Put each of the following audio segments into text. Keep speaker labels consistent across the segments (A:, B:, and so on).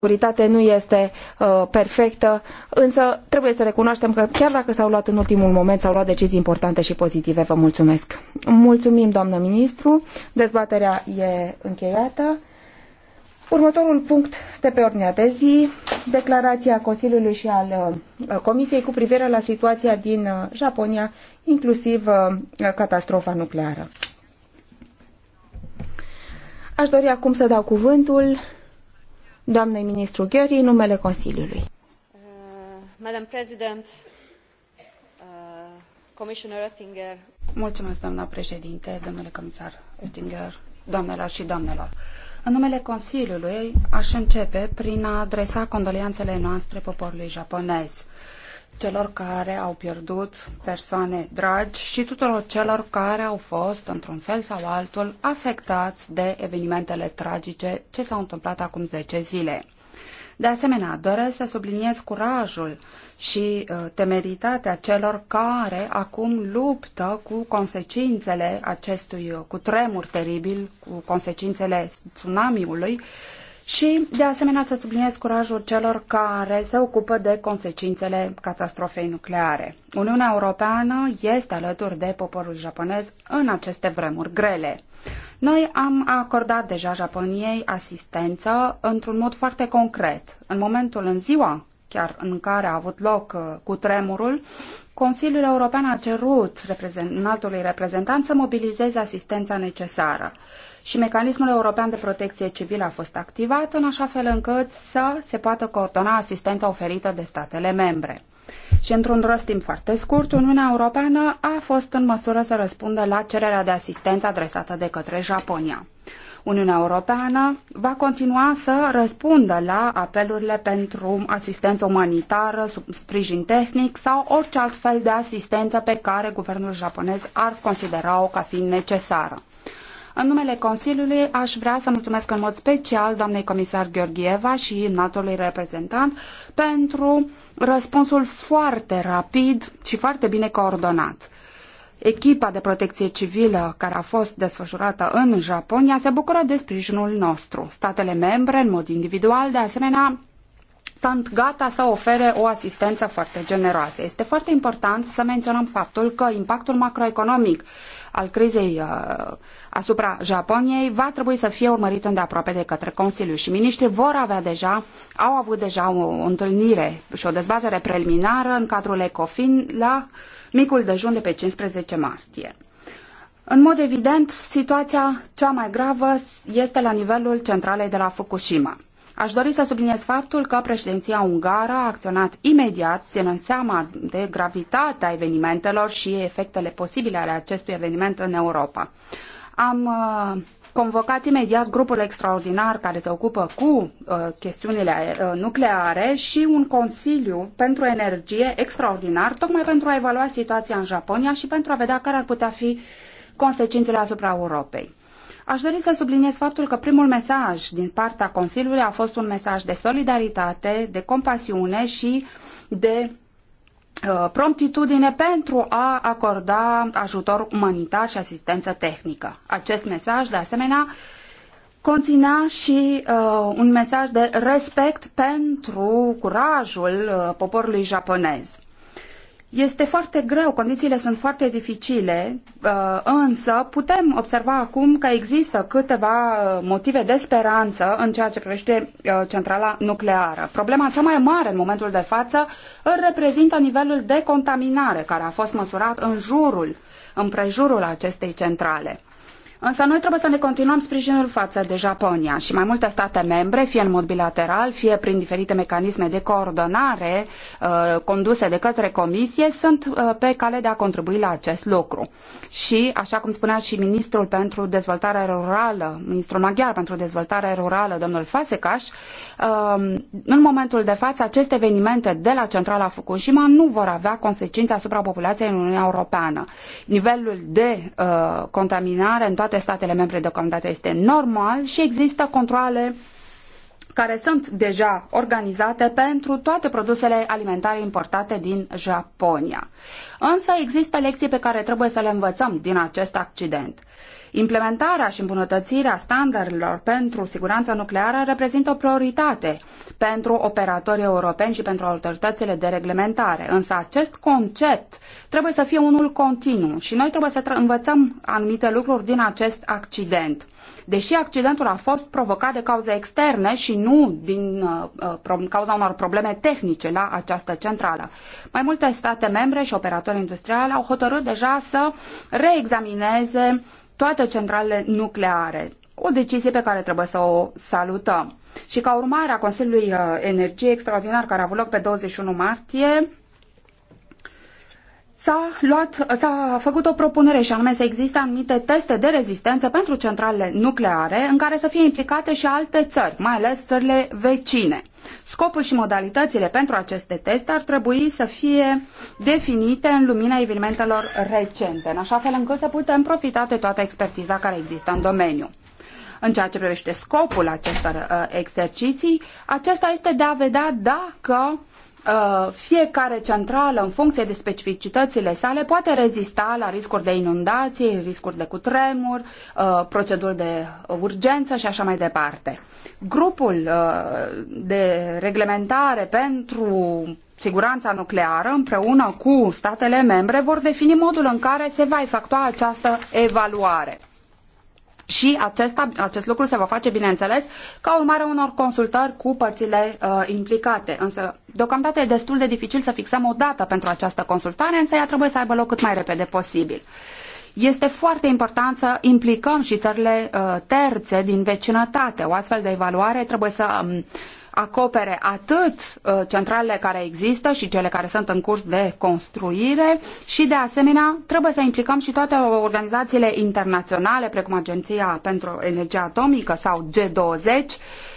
A: securitate nu este uh, perfectă, însă trebuie să recunoaștem că chiar dacă s-au luat în ultimul moment, s-au luat decizii importante și pozitive. Vă mulțumesc! Mulțumim, doamnă ministru! Dezbaterea e încheiată. Următorul punct de pe ordinea de zi, declarația Consiliului și al uh, Comisiei cu privire la situația din uh, Japonia, inclusiv uh, catastrofa nucleară. Aș dori acum să dau cuvântul doamnei ministru în numele Consiliului. Uh, doamnă uh,
B: Mulțumesc, președinte, domnule comisar Oettinger, doamnelor și domnilor. În numele Consiliului aș începe prin a adresa condoleanțele noastre poporului japonez celor care au pierdut persoane dragi și tuturor celor care au fost, într-un fel sau altul, afectați de evenimentele tragice ce s-au întâmplat acum 10 zile. De asemenea, doresc să subliniez curajul și uh, temeritatea celor care acum luptă cu consecințele acestui uh, cutremur teribil, cu consecințele tsunamiului și, de asemenea, să subliniez curajul celor care se ocupă de consecințele catastrofei nucleare. Uniunea Europeană este alături de poporul japonez în aceste vremuri grele. Noi am acordat deja Japoniei asistență într-un mod foarte concret. În momentul în ziua chiar în care a avut loc uh, cu tremurul, Consiliul European a cerut înaltului reprezentant să mobilizeze asistența necesară și mecanismul european de protecție civilă a fost activat în așa fel încât să se poată coordona asistența oferită de statele membre. Și într-un rost timp foarte scurt, Uniunea Europeană a fost în măsură să răspundă la cererea de asistență adresată de către Japonia. Uniunea Europeană va continua să răspundă la apelurile pentru asistență umanitară, sprijin tehnic sau orice alt fel de asistență pe care guvernul japonez ar considera-o ca fiind necesară. În numele Consiliului aș vrea să mulțumesc în mod special doamnei comisar Gheorgheva și înaltului reprezentant pentru răspunsul foarte rapid și foarte bine coordonat. Echipa de protecție civilă care a fost desfășurată în Japonia se bucură de sprijinul nostru. Statele membre, în mod individual, de asemenea, sunt gata să ofere o asistență foarte generoasă. Este foarte important să menționăm faptul că impactul macroeconomic al crizei uh, asupra Japoniei va trebui să fie urmărit îndeaproape de către Consiliu și miniștrii vor avea deja, au avut deja o întâlnire și o dezbatere preliminară în cadrul ECOFIN la micul dejun de pe 15 martie. În mod evident, situația cea mai gravă este la nivelul centralei de la Fukushima. Aș dori să subliniez faptul că președinția ungară a acționat imediat, ținând seama de gravitatea evenimentelor și efectele posibile ale acestui eveniment în Europa. Am uh, convocat imediat grupul extraordinar care se ocupă cu uh, chestiunile uh, nucleare și un consiliu pentru energie extraordinar, tocmai pentru a evalua situația în Japonia și pentru a vedea care ar putea fi consecințele asupra Europei. Aș dori să subliniez faptul că primul mesaj din partea Consiliului a fost un mesaj de solidaritate, de compasiune și de uh, promptitudine pentru a acorda ajutor umanitar și asistență tehnică. Acest mesaj, de asemenea, conținea și uh, un mesaj de respect pentru curajul uh, poporului japonez. Este foarte greu, condițiile sunt foarte dificile, uh, însă putem observa acum că există câteva uh, motive de speranță în ceea ce privește uh, centrala nucleară. Problema cea mai mare în momentul de față îl reprezintă nivelul de contaminare care a fost măsurat în jurul, împrejurul acestei centrale. Însă noi trebuie să ne continuăm sprijinul față de Japonia și mai multe state membre, fie în mod bilateral, fie prin diferite mecanisme de coordonare uh, conduse de către Comisie, sunt uh, pe cale de a contribui la acest lucru. Și, așa cum spunea și Ministrul pentru Dezvoltare Rurală, Ministrul Maghiar pentru Dezvoltare Rurală, domnul Fasecaș, uh, în momentul de față, aceste evenimente de la centrala Fukushima nu vor avea consecințe asupra populației în Uniunea Europeană. Nivelul de uh, contaminare în toate toate statele membre deocamdată este normal și există controle care sunt deja organizate pentru toate produsele alimentare importate din Japonia. Însă există lecții pe care trebuie să le învățăm din acest accident. Implementarea și îmbunătățirea standardelor pentru siguranța nucleară reprezintă o prioritate pentru operatorii europeni și pentru autoritățile de reglementare. Însă acest concept trebuie să fie unul continuu și noi trebuie să învățăm anumite lucruri din acest accident. Deși accidentul a fost provocat de cauze externe și nu din uh, uh cauza unor probleme tehnice la această centrală. Mai multe state membre și operatori industriali au hotărât deja să reexamineze toate centralele nucleare. O decizie pe care trebuie să o salutăm. Și ca urmare a Consiliului uh, Energie Extraordinar care a avut loc pe 21 martie, s-a, luat, s-a făcut o propunere și anume să existe anumite teste de rezistență pentru centralele nucleare în care să fie implicate și alte țări, mai ales țările vecine. Scopul și modalitățile pentru aceste teste ar trebui să fie definite în lumina evenimentelor recente, în așa fel încât să putem profita de toată expertiza care există în domeniu. În ceea ce privește scopul acestor uh, exerciții, acesta este de a vedea dacă uh, Uh, fiecare centrală, în funcție de specificitățile sale, poate rezista la riscuri de inundații, riscuri de cutremur, uh, proceduri de urgență și așa mai departe. Grupul uh, de reglementare pentru siguranța nucleară, împreună cu statele membre, vor defini modul în care se va efectua această evaluare. Și acesta, acest lucru se va face, bineînțeles, ca urmare unor consultări cu părțile uh, implicate. Însă, deocamdată e destul de dificil să fixăm o dată pentru această consultare, însă ea trebuie să aibă loc cât mai repede posibil. Este foarte important să implicăm și țările uh, terțe din vecinătate. O astfel de evaluare trebuie să um, acopere atât ă, centralele care există și cele care sunt în curs de construire și, de asemenea, trebuie să implicăm și toate organizațiile internaționale, precum Agenția pentru Energie Atomică sau G20,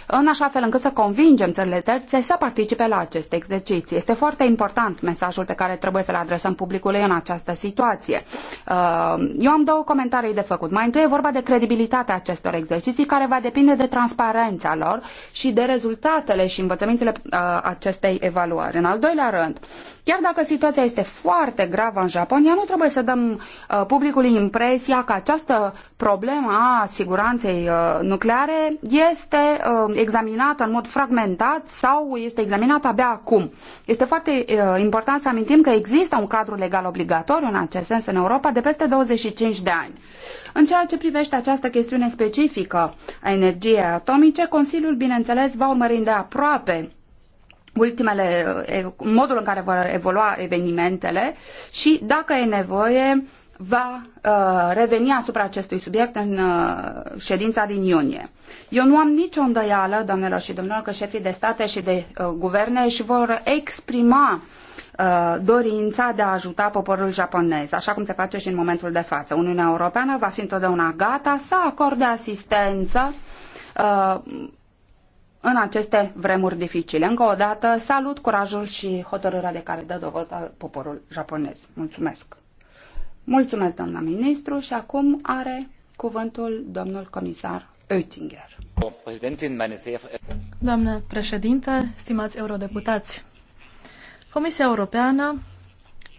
B: în așa fel încât să convingem țările terțe să participe la aceste exercițiu. Este foarte important mesajul pe care trebuie să-l adresăm publicului în această situație. Uh, eu am două comentarii de făcut. Mai întâi e vorba de credibilitatea acestor exerciții care va depinde de transparența lor și de rezultatele și învățămintele uh, acestei evaluări. În al doilea rând, chiar dacă situația este foarte gravă în Japonia, nu trebuie să dăm uh, publicului impresia că această problemă a siguranței nucleare este examinată în mod fragmentat sau este examinată abia acum. Este foarte uh, important să amintim că există un cadru legal obligatoriu în acest sens în Europa de peste 25 de ani. În ceea ce privește această chestiune specifică a energiei atomice, Consiliul, bineînțeles, va urmări de aproape ultimele, uh, modul în care vor evolua evenimentele și dacă e nevoie va uh, reveni asupra acestui subiect în uh, ședința din iunie. Eu nu am nicio îndoială, doamnelor și domnilor, că șefii de state și de uh, guverne își vor exprima uh, dorința de a ajuta poporul japonez, așa cum se face și în momentul de față. Uniunea Europeană va fi întotdeauna gata să acorde asistență uh, în aceste vremuri dificile. Încă o dată, salut curajul și hotărârea de care dă dovadă poporul japonez. Mulțumesc! Mulțumesc, doamna ministru, și acum are cuvântul domnul comisar Oettinger.
C: Doamnă președinte, stimați eurodeputați, Comisia Europeană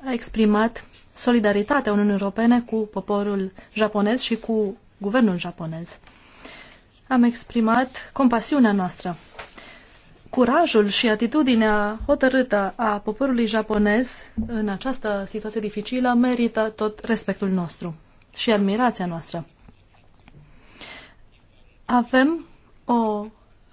C: a exprimat solidaritatea Uniunii Europene cu poporul japonez și cu guvernul japonez. Am exprimat compasiunea noastră curajul și atitudinea hotărâtă a poporului japonez în această situație dificilă merită tot respectul nostru și admirația noastră. Avem o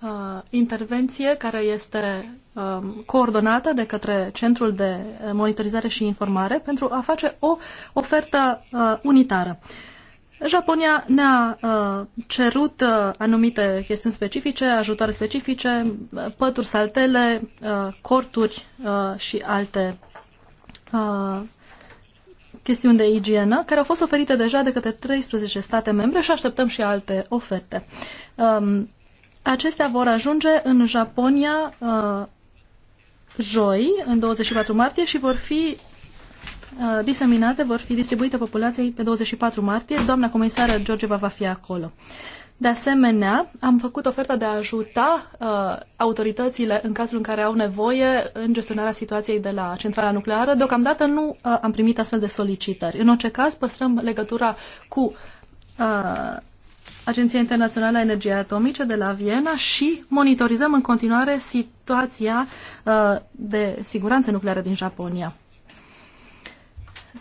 C: uh, intervenție care este uh, coordonată de către Centrul de Monitorizare și Informare pentru a face o ofertă uh, unitară. Uh, Japonia ne-a uh, cerut uh, anumite chestiuni specifice, ajutoare specifice, uh, pături, saltele, uh, corturi uh, și alte uh, chestiuni de igienă, care au fost oferite deja de către 13 state membre și așteptăm și alte oferte. Um, acestea vor ajunge în Japonia uh, joi, în 24 martie, și vor fi Uh, diseminate vor fi distribuite populației pe 24 martie. Doamna comisară Georgeva va fi acolo. De asemenea, am făcut oferta de a ajuta uh, autoritățile în cazul în care au nevoie în gestionarea situației de la centrala nucleară. Deocamdată nu uh, am primit astfel de solicitări. În orice caz, păstrăm legătura cu uh, Agenția Internațională a Energiei Atomice de la Viena și monitorizăm în continuare situația uh, de siguranță nucleară din Japonia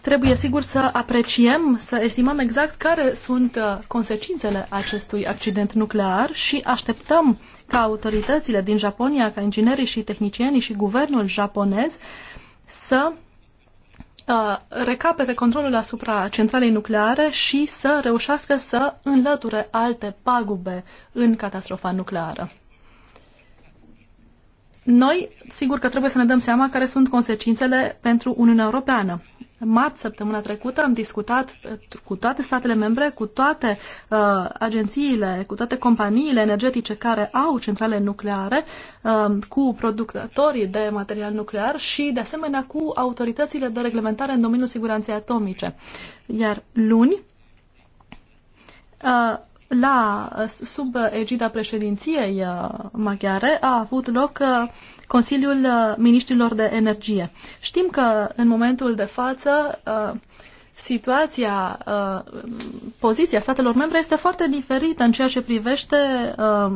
C: trebuie sigur să apreciem, să estimăm exact care sunt uh, consecințele acestui accident nuclear și așteptăm ca autoritățile din Japonia, ca inginerii și tehnicienii și guvernul japonez să uh, recapete controlul asupra centralei nucleare și să reușească să înlăture alte pagube în catastrofa nucleară. Noi, sigur că trebuie să ne dăm seama care sunt consecințele pentru Uniunea Europeană marți, săptămâna trecută, am discutat eh, cu toate statele membre, cu toate uh, agențiile, cu toate companiile energetice care au centrale nucleare, uh, cu producătorii de material nuclear și, de asemenea, cu autoritățile de reglementare în domeniul siguranței atomice. Iar luni, uh, la, sub egida președinției uh, maghiare a avut loc uh, Consiliul uh, Ministrilor de Energie. Știm că în momentul de față situația, poziția statelor membre este foarte diferită în ceea ce privește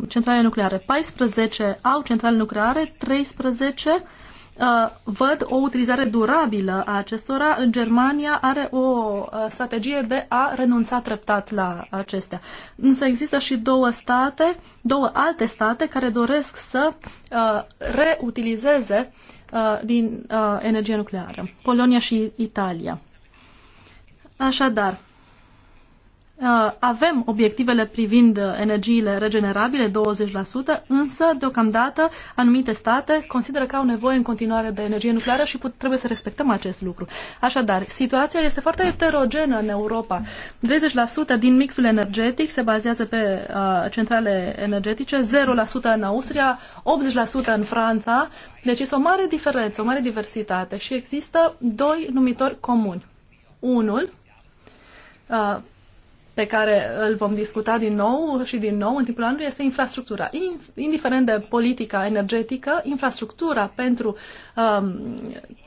C: centrale nucleare. 14 au centrale nucleare, 13 Uh, văd o utilizare durabilă a acestora. În Germania are o uh, strategie de a renunța treptat la acestea. Însă există și două state, două alte state care doresc să uh, reutilizeze din energie nucleară. Polonia și Italia. Așadar, Uh, avem obiectivele privind uh, energiile regenerabile, 20%, însă, deocamdată, anumite state consideră că au nevoie în continuare de energie nucleară și put, trebuie să respectăm acest lucru. Așadar, situația este foarte heterogenă în Europa. 30% din mixul energetic se bazează pe uh, centrale energetice, 0% în Austria, 80% în Franța. Deci este o mare diferență, o mare diversitate și există doi numitori comuni. Unul, uh, pe care îl vom discuta din nou și din nou în timpul anului este infrastructura. Indiferent de politica energetică, infrastructura pentru, um,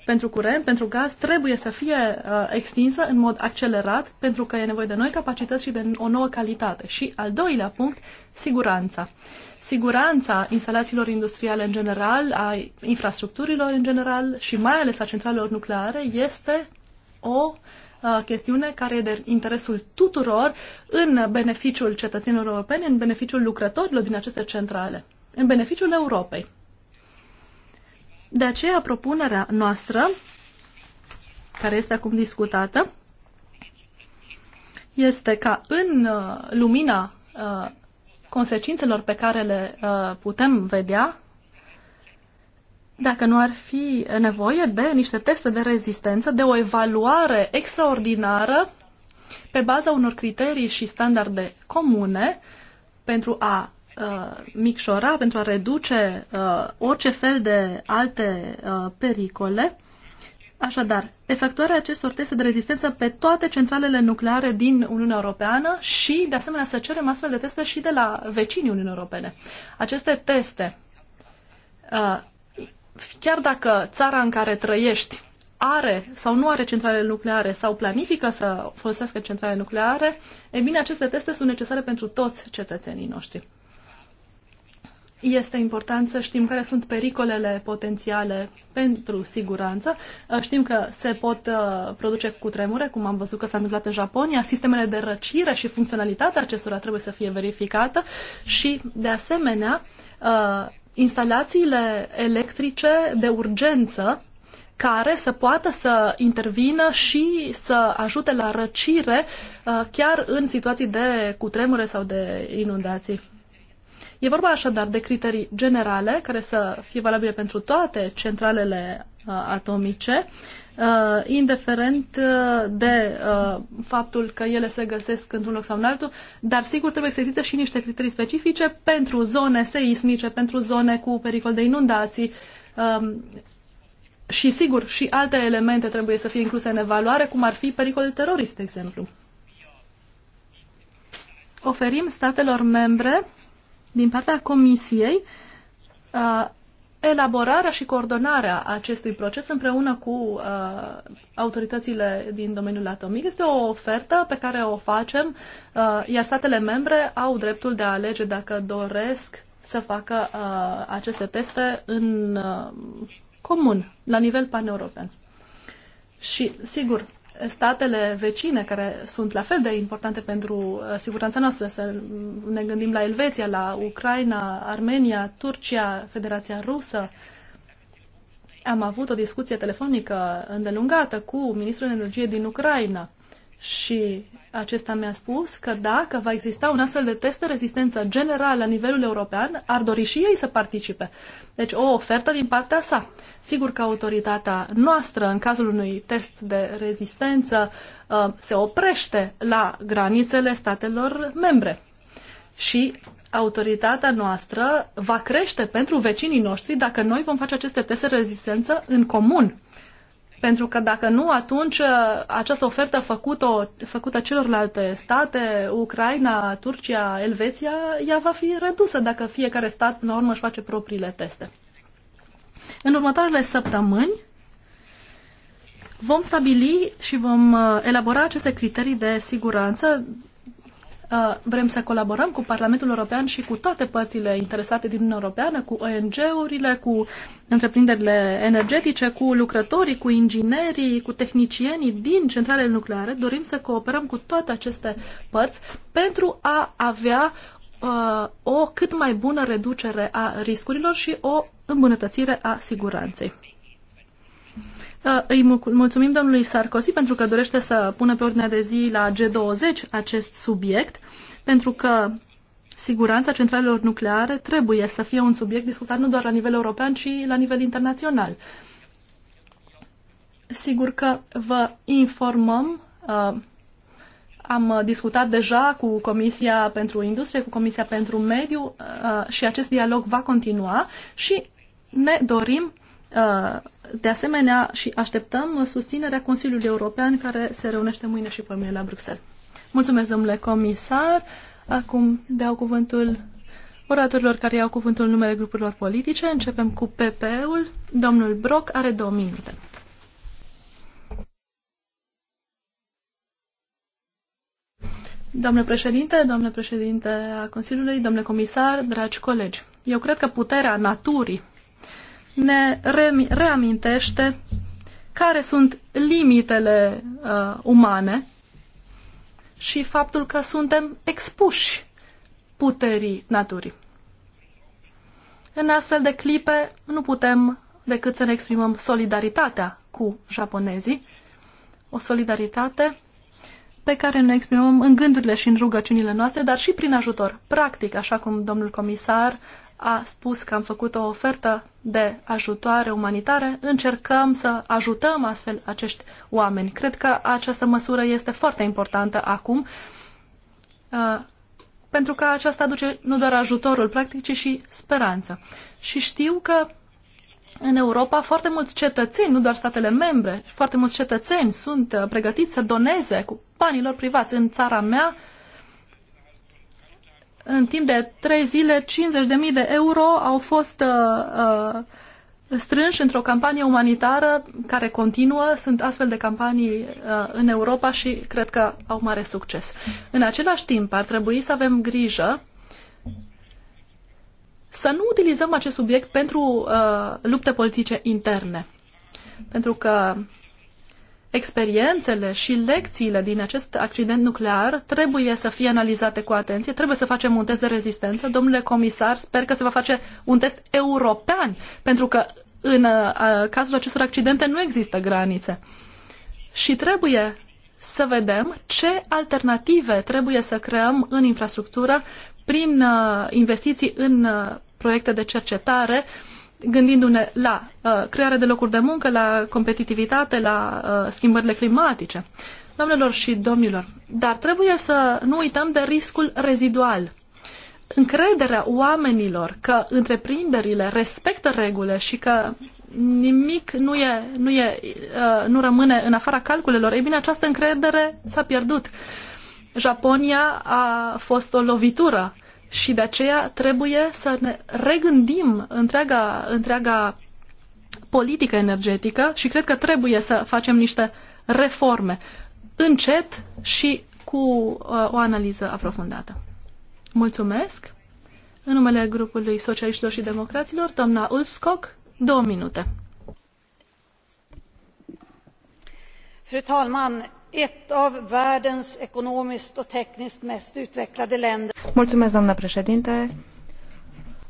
C: pentru curent, pentru gaz, trebuie să fie uh, extinsă în mod accelerat pentru că e nevoie de noi capacități și de o nouă calitate. Și al doilea punct, siguranța. Siguranța instalațiilor industriale în general, a infrastructurilor în general și mai ales a centralelor nucleare este o uh, chestiune care e de interesul tuturor în beneficiul cetățenilor europeni, în beneficiul lucrătorilor din aceste centrale, în beneficiul Europei. De aceea propunerea noastră, care este acum discutată, este ca în lumina consecințelor pe care le putem vedea dacă nu ar fi nevoie de niște teste de rezistență, de o evaluare extraordinară pe baza unor criterii și standarde comune pentru a uh, micșora, pentru a reduce uh, orice fel de alte uh, pericole. Așadar, efectuarea acestor teste de rezistență pe toate centralele nucleare din Uniunea Europeană și, de asemenea, să cerem astfel de teste și de la vecinii Uniunii Europene. Aceste teste uh, chiar dacă țara în care trăiești are sau nu are centrale nucleare sau planifică să folosească centrale nucleare, e bine, aceste teste sunt necesare pentru toți cetățenii noștri. Este important să știm care sunt pericolele potențiale pentru siguranță. Uh, știm că se pot uh, produce cutremure, cum am văzut că s-a întâmplat în Japonia. Sistemele de răcire și funcționalitatea acestora trebuie să fie verificată și, de asemenea, uh, instalațiile electrice de urgență care să poată să intervină și să ajute la răcire uh, chiar în situații de cutremure sau de inundații. E vorba așadar de criterii generale care să fie valabile pentru toate centralele Uh, atomice, uh, indiferent uh, de faptul că ele se găsesc într-un loc sau în altul, dar sigur trebuie să existe și niște criterii specifice pentru zone seismice, pentru zone cu pericol de inundații, um, și sigur, și alte elemente trebuie să fie incluse în evaluare, cum ar fi pericolul terorist, de exemplu. Oferim statelor membre, din partea Comisiei, elaborarea și coordonarea acestui proces împreună cu uh, autoritățile din domeniul atomic este o ofertă pe care o facem, uh, iar statele membre au dreptul de a alege dacă doresc să facă uh, aceste teste în uh, comun, la nivel paneuropean. Și, sigur, statele vecine, care sunt la fel de importante pentru uh, siguranța noastră, să ne gândim la Elveția, la Ucraina, Armenia, Turcia, Federația Rusă. Am avut o discuție telefonică îndelungată cu ministrul energiei din Ucraina și acesta mi-a spus că dacă va exista un astfel de test de rezistență general la nivelul european, ar dori și ei să participe. Deci o ofertă din partea sa. Sigur că autoritatea noastră, în cazul unui test de rezistență, uh, se oprește la granițele statelor membre. Și autoritatea noastră va crește pentru vecinii noștri dacă noi vom face aceste teste de rezistență în comun. Pentru că dacă nu, atunci uh, această ofertă făcută, făcută celorlalte state, Ucraina, Turcia, Elveția, ea va fi redusă dacă fiecare stat, până la urmă, își face propriile teste. În următoarele săptămâni vom stabili și vom uh, elabora aceste criterii de siguranță Uh, vrem să colaborăm cu Parlamentul European și cu toate părțile interesate din Uniunea Europeană, cu ONG-urile, cu întreprinderile energetice, cu lucrătorii, cu inginerii, cu tehnicienii din centralele nucleare. Dorim să cooperăm cu toate aceste părți pentru a avea uh, o cât mai bună reducere a riscurilor și o îmbunătățire a siguranței. Uh, îi mulțumim domnului Sarkozy pentru că dorește să pună pe ordinea de zi la G20 acest subiect, pentru că siguranța centralelor nucleare trebuie să fie un subiect discutat nu doar la nivel european, ci la nivel internațional. Sigur că vă informăm. Uh, am discutat deja cu Comisia pentru Industrie, cu Comisia pentru Mediu uh, și acest dialog va continua și ne dorim de asemenea, și așteptăm susținerea Consiliului European care se reunește mâine și poi la Bruxelles. Mulțumesc, domnule comisar. Acum dau cuvântul oratorilor care iau cuvântul în numele grupurilor politice. Începem cu PP-ul. Domnul Broc are două minute. Doamne președinte, doamne președinte a Consiliului, domnule comisar, dragi colegi, eu cred că puterea naturii ne reamintește care sunt limitele uh, umane și faptul că suntem expuși puterii naturii. În astfel de clipe nu putem decât să ne exprimăm solidaritatea cu japonezii, o solidaritate pe care ne exprimăm în gândurile și în rugăciunile noastre, dar și prin ajutor practic, așa cum domnul comisar a spus că am făcut o ofertă de ajutoare umanitare, încercăm să ajutăm astfel acești oameni. Cred că această măsură este foarte importantă acum, uh, pentru că aceasta aduce nu doar ajutorul practic, ci și speranță. Și știu că în Europa foarte mulți cetățeni, nu doar statele membre, foarte mulți cetățeni sunt uh, pregătiți să doneze cu lor privați. În țara mea, în timp de trei zile, 50.000 de euro au fost uh, uh, strânși într-o campanie umanitară care continuă. Sunt astfel de campanii uh, în Europa și cred că au mare succes. În același timp, ar trebui să avem grijă să nu utilizăm acest subiect pentru uh, lupte politice interne. Pentru că experiențele și lecțiile din acest accident nuclear trebuie să fie analizate cu atenție, trebuie să facem un test de rezistență. Domnule comisar, sper că se va face un test european, pentru că în uh, cazul acestor accidente nu există granițe. Și trebuie să vedem ce alternative trebuie să creăm în infrastructură prin uh, investiții în uh, proiecte de cercetare gândindu-ne la uh, crearea de locuri de muncă, la competitivitate, la uh, schimbările climatice. Doamnelor și domnilor, dar trebuie să nu uităm de riscul rezidual. Încrederea oamenilor că întreprinderile respectă regulile și că nimic nu, e, nu, e, uh, nu rămâne în afara calculelor, ei bine, această încredere s-a pierdut. Japonia a fost o lovitură și de aceea trebuie să ne regândim întreaga, întreaga politică energetică și cred că trebuie să facem niște reforme încet și cu uh, o analiză aprofundată. Mulțumesc! În numele grupului Socialiștilor și Democraților, doamna Ulfskog, două minute.
A: Fru talman, ett av världens ekonomiskt och tekniskt mest utvecklade länder. Mulțumesc, doamnă președinte.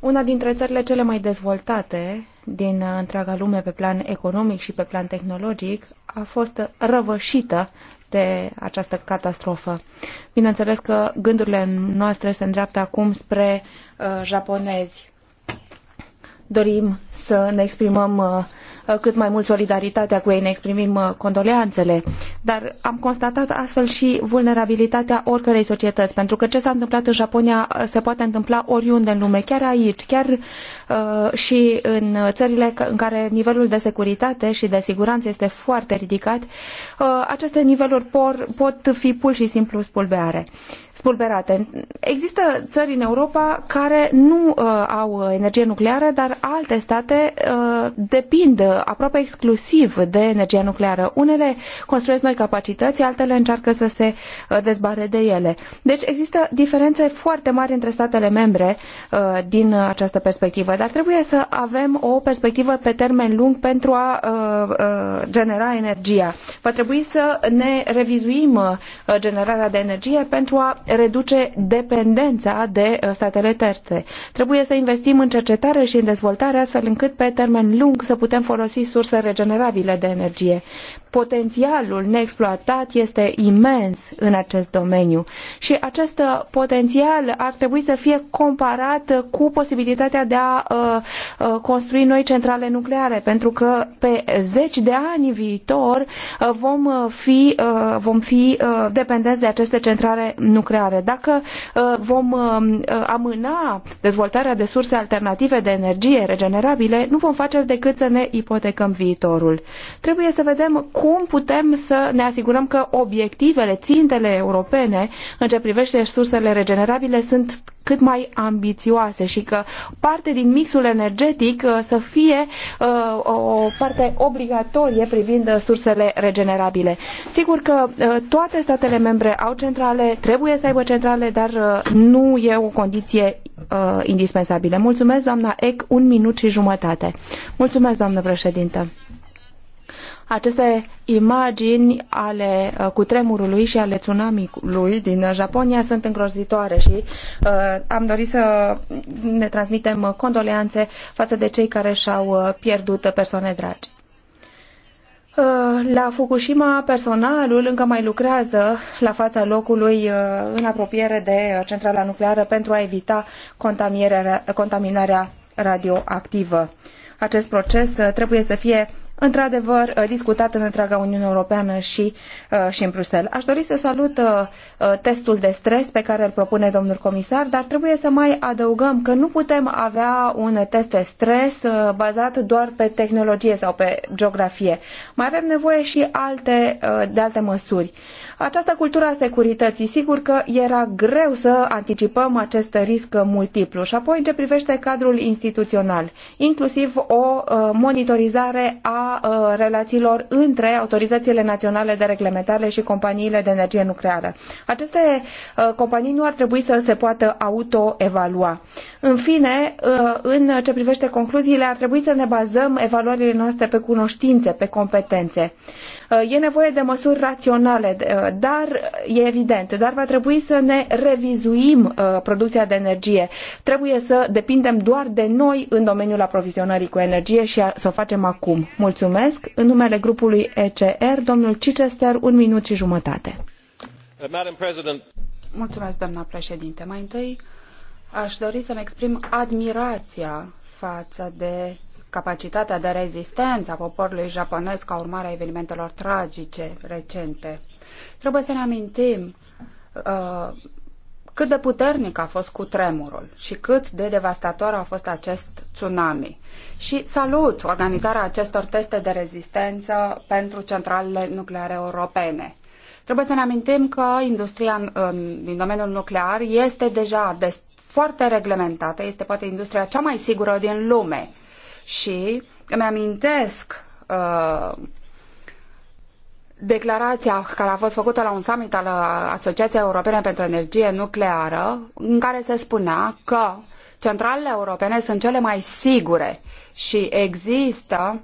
A: Una dintre țările cele mai dezvoltate din uh, întreaga lume pe plan economic și pe plan tehnologic a fost răvășită de această catastrofă. Bineînțeles că gândurile noastre se îndreaptă acum spre uh, japonezi dorim să ne exprimăm uh, cât mai mult solidaritatea cu ei, ne exprimim uh, condoleanțele, dar am constatat astfel și vulnerabilitatea oricărei societăți, pentru că ce s-a întâmplat în Japonia uh, se poate întâmpla oriunde în lume, chiar aici, chiar și în țările în care nivelul de securitate și de siguranță este foarte ridicat, aceste niveluri por, pot fi pur și simplu spulbeare spulberate. Există țări în Europa care nu uh, au energie nucleară, dar alte state uh, depind aproape exclusiv de energia nucleară. Unele construiesc noi capacități, altele încearcă să se uh, de ele. Deci există diferențe foarte mari între statele membre uh, din această perspectivă. Dar trebuie să avem o perspectivă pe termen lung pentru a uh, uh, genera energia. Va trebui să ne revizuim uh, generarea de energie pentru a reduce dependența de statele terțe. Trebuie să investim în cercetare și în dezvoltare dezvoltare, astfel încât pe termen lung să putem folosi surse regenerabile de energie potențialul neexploatat este imens în acest domeniu și acest uh, potențial ar trebui să fie comparat uh, cu posibilitatea de a uh, construi noi centrale nucleare, pentru că pe zeci de ani viitor vom fi, vom fi dependenți de aceste centrale nucleare. Dacă vom amâna dezvoltarea de surse alternative de energie regenerabile, nu vom face decât să ne ipotecăm viitorul. Trebuie să vedem cum putem să ne asigurăm că obiectivele, țintele europene în ce privește resursele regenerabile sunt cât mai ambițioase și că parte din mixul energetic uh, să fie uh, o parte obligatorie privind sursele regenerabile. Sigur că uh, toate statele membre au centrale, trebuie să aibă centrale, dar nu e o condiție indispensabilă. Mulțumesc, doamna Eck, un minut și jumătate. Mulțumesc, doamnă președintă. Aceste imagini ale uh, cutremurului și ale tsunamiului din Japonia sunt îngrozitoare și uh, am dorit să ne transmitem condoleanțe față de cei care și-au uh, pierdut persoane dragi. Uh, la Fukushima, personalul încă mai lucrează la fața locului în apropiere de centrala nucleară pentru a evita contaminarea radioactivă. Acest proces trebuie să fie într-adevăr uh, discutat în întreaga Uniune Europeană și, uh, și în Bruxelles. Aș dori să salut uh, testul de stres pe care îl propune domnul comisar, dar trebuie să mai adăugăm că nu putem avea un test de stres bazat doar pe tehnologie sau pe geografie. Mai avem nevoie și alte, de alte măsuri. Această cultură a securității, sigur că era greu să anticipăm acest risc multiplu și apoi în ce privește cadrul instituțional, inclusiv o monitorizare a a uh, relațiilor între autoritățile naționale de reglementare și companiile de energie nucleară. Aceste uh, companii nu ar trebui să se poată autoevalua. În fine, uh, în ce privește concluziile, ar trebui să ne bazăm evaluările noastre pe cunoștințe, pe competențe. E nevoie de măsuri raționale, dar e evident, dar va trebui să ne revizuim producția de energie. Trebuie să depindem doar de noi în domeniul aprovizionării cu energie și să o facem acum. Mulțumesc! Mulțumesc. În numele grupului ECR, domnul Chichester, un minut și jumătate.
D: Uh,
B: mulțumesc, doamna președinte. Mai întâi aș dori să-mi exprim admirația față de capacitatea de rezistență a poporului japonez ca urmare a evenimentelor tragice recente. Trebuie să ne amintim uh, cât de puternic a fost cutremurul și cât de devastator a fost acest tsunami. Și salut organizarea acestor teste de rezistență pentru centralele nucleare europene. Trebuie să ne amintim că industria în, în, din domeniul nuclear este deja des, foarte reglementată, este poate industria cea mai sigură din lume. Și îmi amintesc uh, declarația care a fost făcută la un summit al uh, Asociației Europene pentru Energie Nucleară, în care se spunea că centralele europene sunt cele mai sigure și există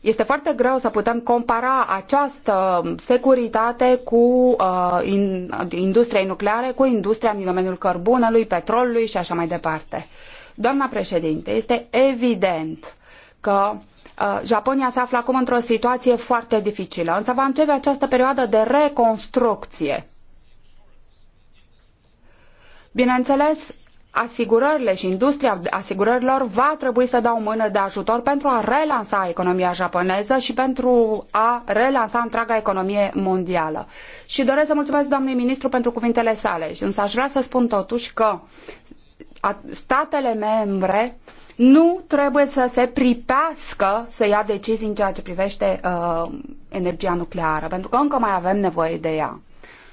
B: este foarte greu să putem compara această securitate cu uh, in, industria nucleare, cu industria din domeniul cărbunelui, petrolului și așa mai departe. Doamna președinte, este evident că Uh, Japonia se află acum într-o situație foarte dificilă, însă va începe această perioadă de reconstrucție. Bineînțeles, asigurările și industria asigurărilor va trebui să dea o mână de ajutor pentru a relansa economia japoneză și pentru a relansa întreaga economie mondială. Și doresc să mulțumesc doamnei ministru pentru cuvintele sale, însă aș vrea să spun totuși că statele membre nu trebuie să se pripească să ia decizii în ceea ce privește uh, energia nucleară, pentru că încă mai avem nevoie de ea.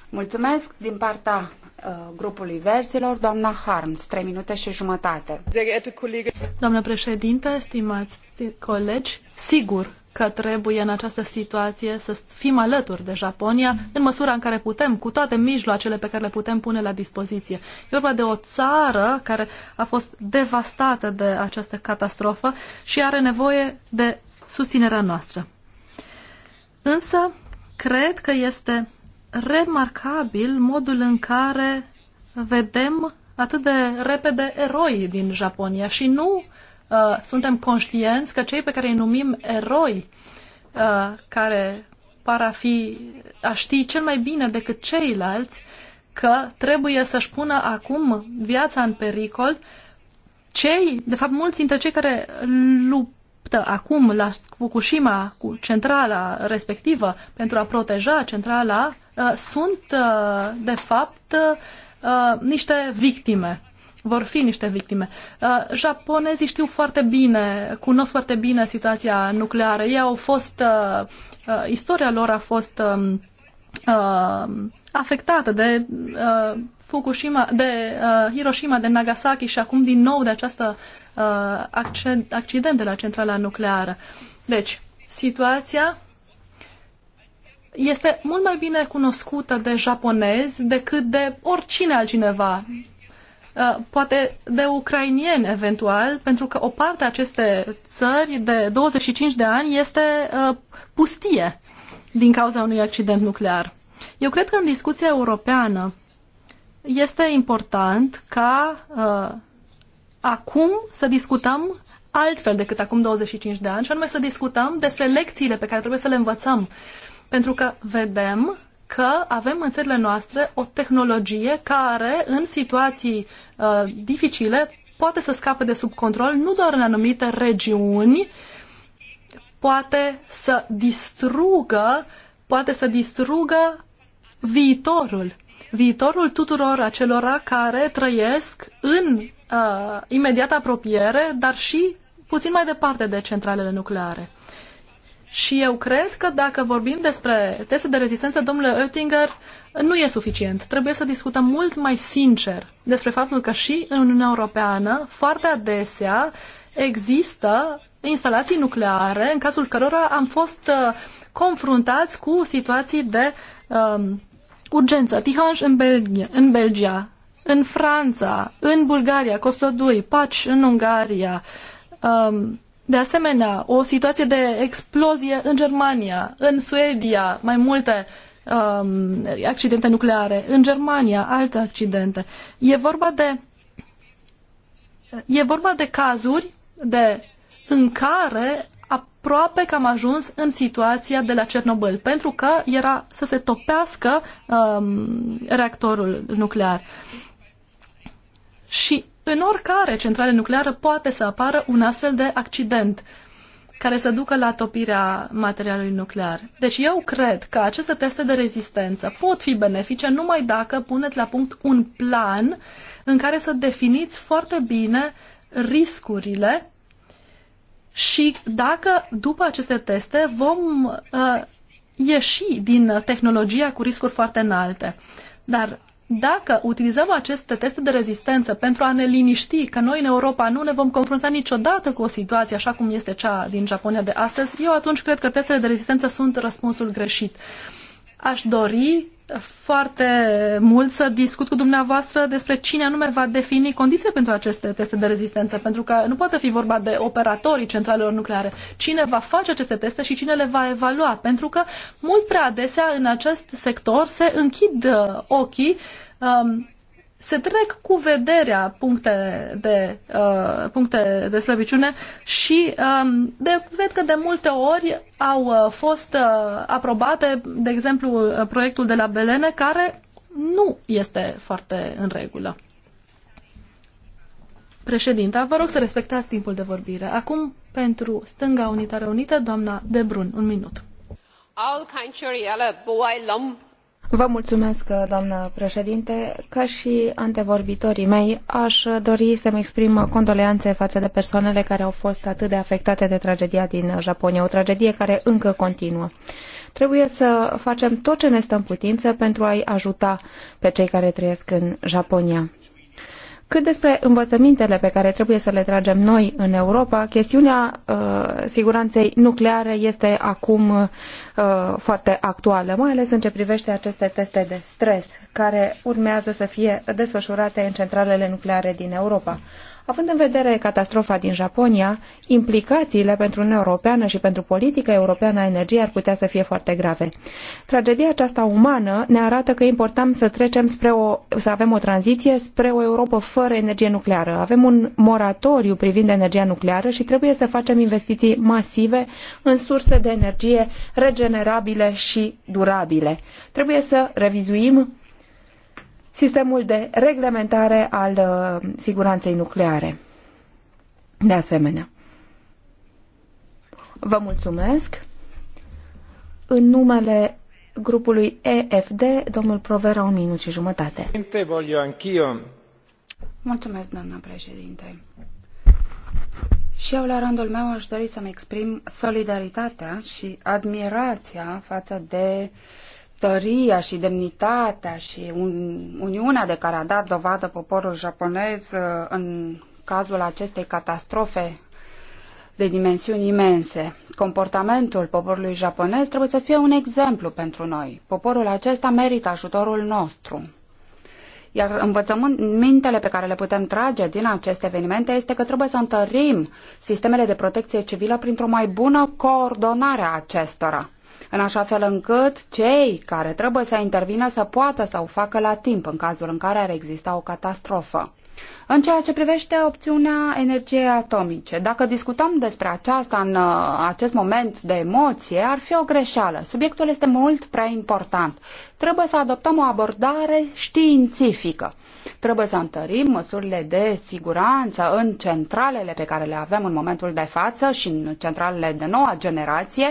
B: Mulțumesc din partea uh, grupului verzilor, doamna
C: Harms, 3 minute și jumătate. Doamnă președinte, stimați colegi, sigur că trebuie în această situație să fim alături de Japonia în măsura în care putem, cu toate mijloacele pe care le putem pune la dispoziție. E vorba de o țară care a fost devastată de această catastrofă și are nevoie de susținerea noastră. Însă, cred că este remarcabil modul în care vedem atât de repede eroi din Japonia și nu Uh, suntem conștienți că cei pe care îi numim eroi, uh, care par a fi, a ști cel mai bine decât ceilalți, că trebuie să-și pună acum viața în pericol, cei, de fapt mulți dintre cei care luptă acum la Fukushima cu centrala respectivă pentru a proteja centrala uh, sunt, uh, de fapt, niște victime vor fi niște victime. Uh, japonezii știu foarte bine, cunosc foarte bine situația nucleară. Ei au fost, uh, uh, istoria lor a fost um, afectată de Fukushima, de Hiroshima, de Nagasaki și acum din nou de această accident de la centrala nucleară. Deci, situația este mult mai bine cunoscută de japonezi decât de oricine altcineva. Uh, poate de ucrainieni eventual, pentru că o parte a aceste țări de 25 de ani este uh, pustie din cauza unui accident nuclear. Eu cred că în discuția europeană este important ca uh, acum să discutăm altfel decât acum 25 de ani, și anume să discutăm despre lecțiile pe care trebuie să le învățăm. Pentru că vedem că avem în țările noastre o tehnologie care, în situații uh, dificile, poate să scape de sub control, nu doar în anumite regiuni, poate să distrugă, poate să distrugă viitorul. Viitorul tuturor acelora care trăiesc în uh, imediată apropiere, dar și puțin mai departe de centralele nucleare. Și eu cred că dacă vorbim despre teste de rezistență, domnule Oettinger, nu e suficient. Trebuie să discutăm mult mai sincer despre faptul că și în Uniunea Europeană, foarte adesea, există instalații nucleare în cazul cărora am fost uh, confruntați cu situații de um, urgență. Tihange în, Belgia, în Belgia, în Franța, în Bulgaria, Coslodui, Paci în Ungaria, um, de asemenea, o situație de explozie în Germania, în Suedia, mai multe um, accidente nucleare, în Germania, alte accidente. E vorba de, e vorba de cazuri de, în care aproape că am ajuns în situația de la Cernobâl, pentru că era să se topească um, reactorul nuclear. Și în oricare centrală nucleară poate să apară un astfel de accident care să ducă la topirea materialului nuclear. Deci eu cred că aceste teste de rezistență pot fi benefice numai dacă puneți la punct un plan în care să definiți foarte bine riscurile și dacă după aceste teste vom uh, ieși din tehnologia cu riscuri foarte înalte. Dar dacă utilizăm aceste teste de rezistență pentru a ne liniști că noi în Europa nu ne vom confrunta niciodată cu o situație așa cum este cea din Japonia de astăzi, eu atunci cred că testele de rezistență sunt răspunsul greșit. Aș dori foarte mult să discut cu dumneavoastră despre cine anume va defini condiții pentru aceste teste de rezistență, pentru că nu poate fi vorba de operatorii centralelor nucleare. Cine va face aceste teste și cine le va evalua? Pentru că mult prea adesea în acest sector se închid uh, ochii um, se trec cu vederea puncte de, uh, puncte de slăbiciune și um, de, cred că de multe ori au uh, fost uh, aprobate, de exemplu, uh, proiectul de la Belene, care nu este foarte în regulă. Președinta, vă rog să respectați timpul de vorbire. Acum, pentru Stânga Unitară Unită, doamna Debrun, un minut.
B: All
A: Vă mulțumesc, doamnă președinte. Ca și antevorbitorii mei, aș dori să-mi exprim condoleanțe față de persoanele care au fost atât de afectate de tragedia din Japonia, o tragedie care încă continuă. Trebuie să facem tot ce ne stă în putință pentru a-i ajuta pe cei care trăiesc în Japonia. Cât despre învățămintele pe care trebuie să le tragem noi în Europa, chestiunea uh, siguranței nucleare este acum uh, foarte actuală, mai ales în ce privește aceste teste de stres, care urmează să fie desfășurate în centralele nucleare din Europa. Având în vedere catastrofa din Japonia, implicațiile pentru Uniunea Europeană și pentru politica europeană a energiei ar putea să fie foarte grave. Tragedia aceasta umană ne arată că e important să trecem spre o, să avem o tranziție spre o Europa fără energie nucleară. Avem un moratoriu privind energia nucleară și trebuie să facem investiții masive în surse de energie regenerabile și durabile. Trebuie să revizuim sistemul de reglementare al uh, siguranței nucleare. De asemenea. Vă mulțumesc. În numele grupului EFD, domnul Provera, un minut și jumătate. Mulțumesc,
B: doamna președinte. Și eu, la rândul meu, aș dori să-mi exprim solidaritatea și admirația față de uh, tăria și demnitatea și uniunea de care a dat dovadă poporul japonez uh, în cazul acestei catastrofe de dimensiuni imense. Comportamentul poporului japonez trebuie să fie un exemplu pentru noi. Poporul acesta merită ajutorul nostru. Iar învățămintele pe care le putem trage din aceste evenimente este că trebuie să întărim sistemele de protecție civilă printr-o mai bună coordonare a acestora în așa fel încât cei care trebuie să intervină să poată să o facă la timp în cazul în care ar exista o catastrofă. În ceea ce privește opțiunea energiei atomice, dacă discutăm despre aceasta în uh, acest moment de emoție, ar fi o greșeală. Subiectul este mult prea important. Trebuie să adoptăm o abordare științifică. Trebuie să întărim măsurile de siguranță în centralele pe care le avem în momentul de față și în centralele de noua generație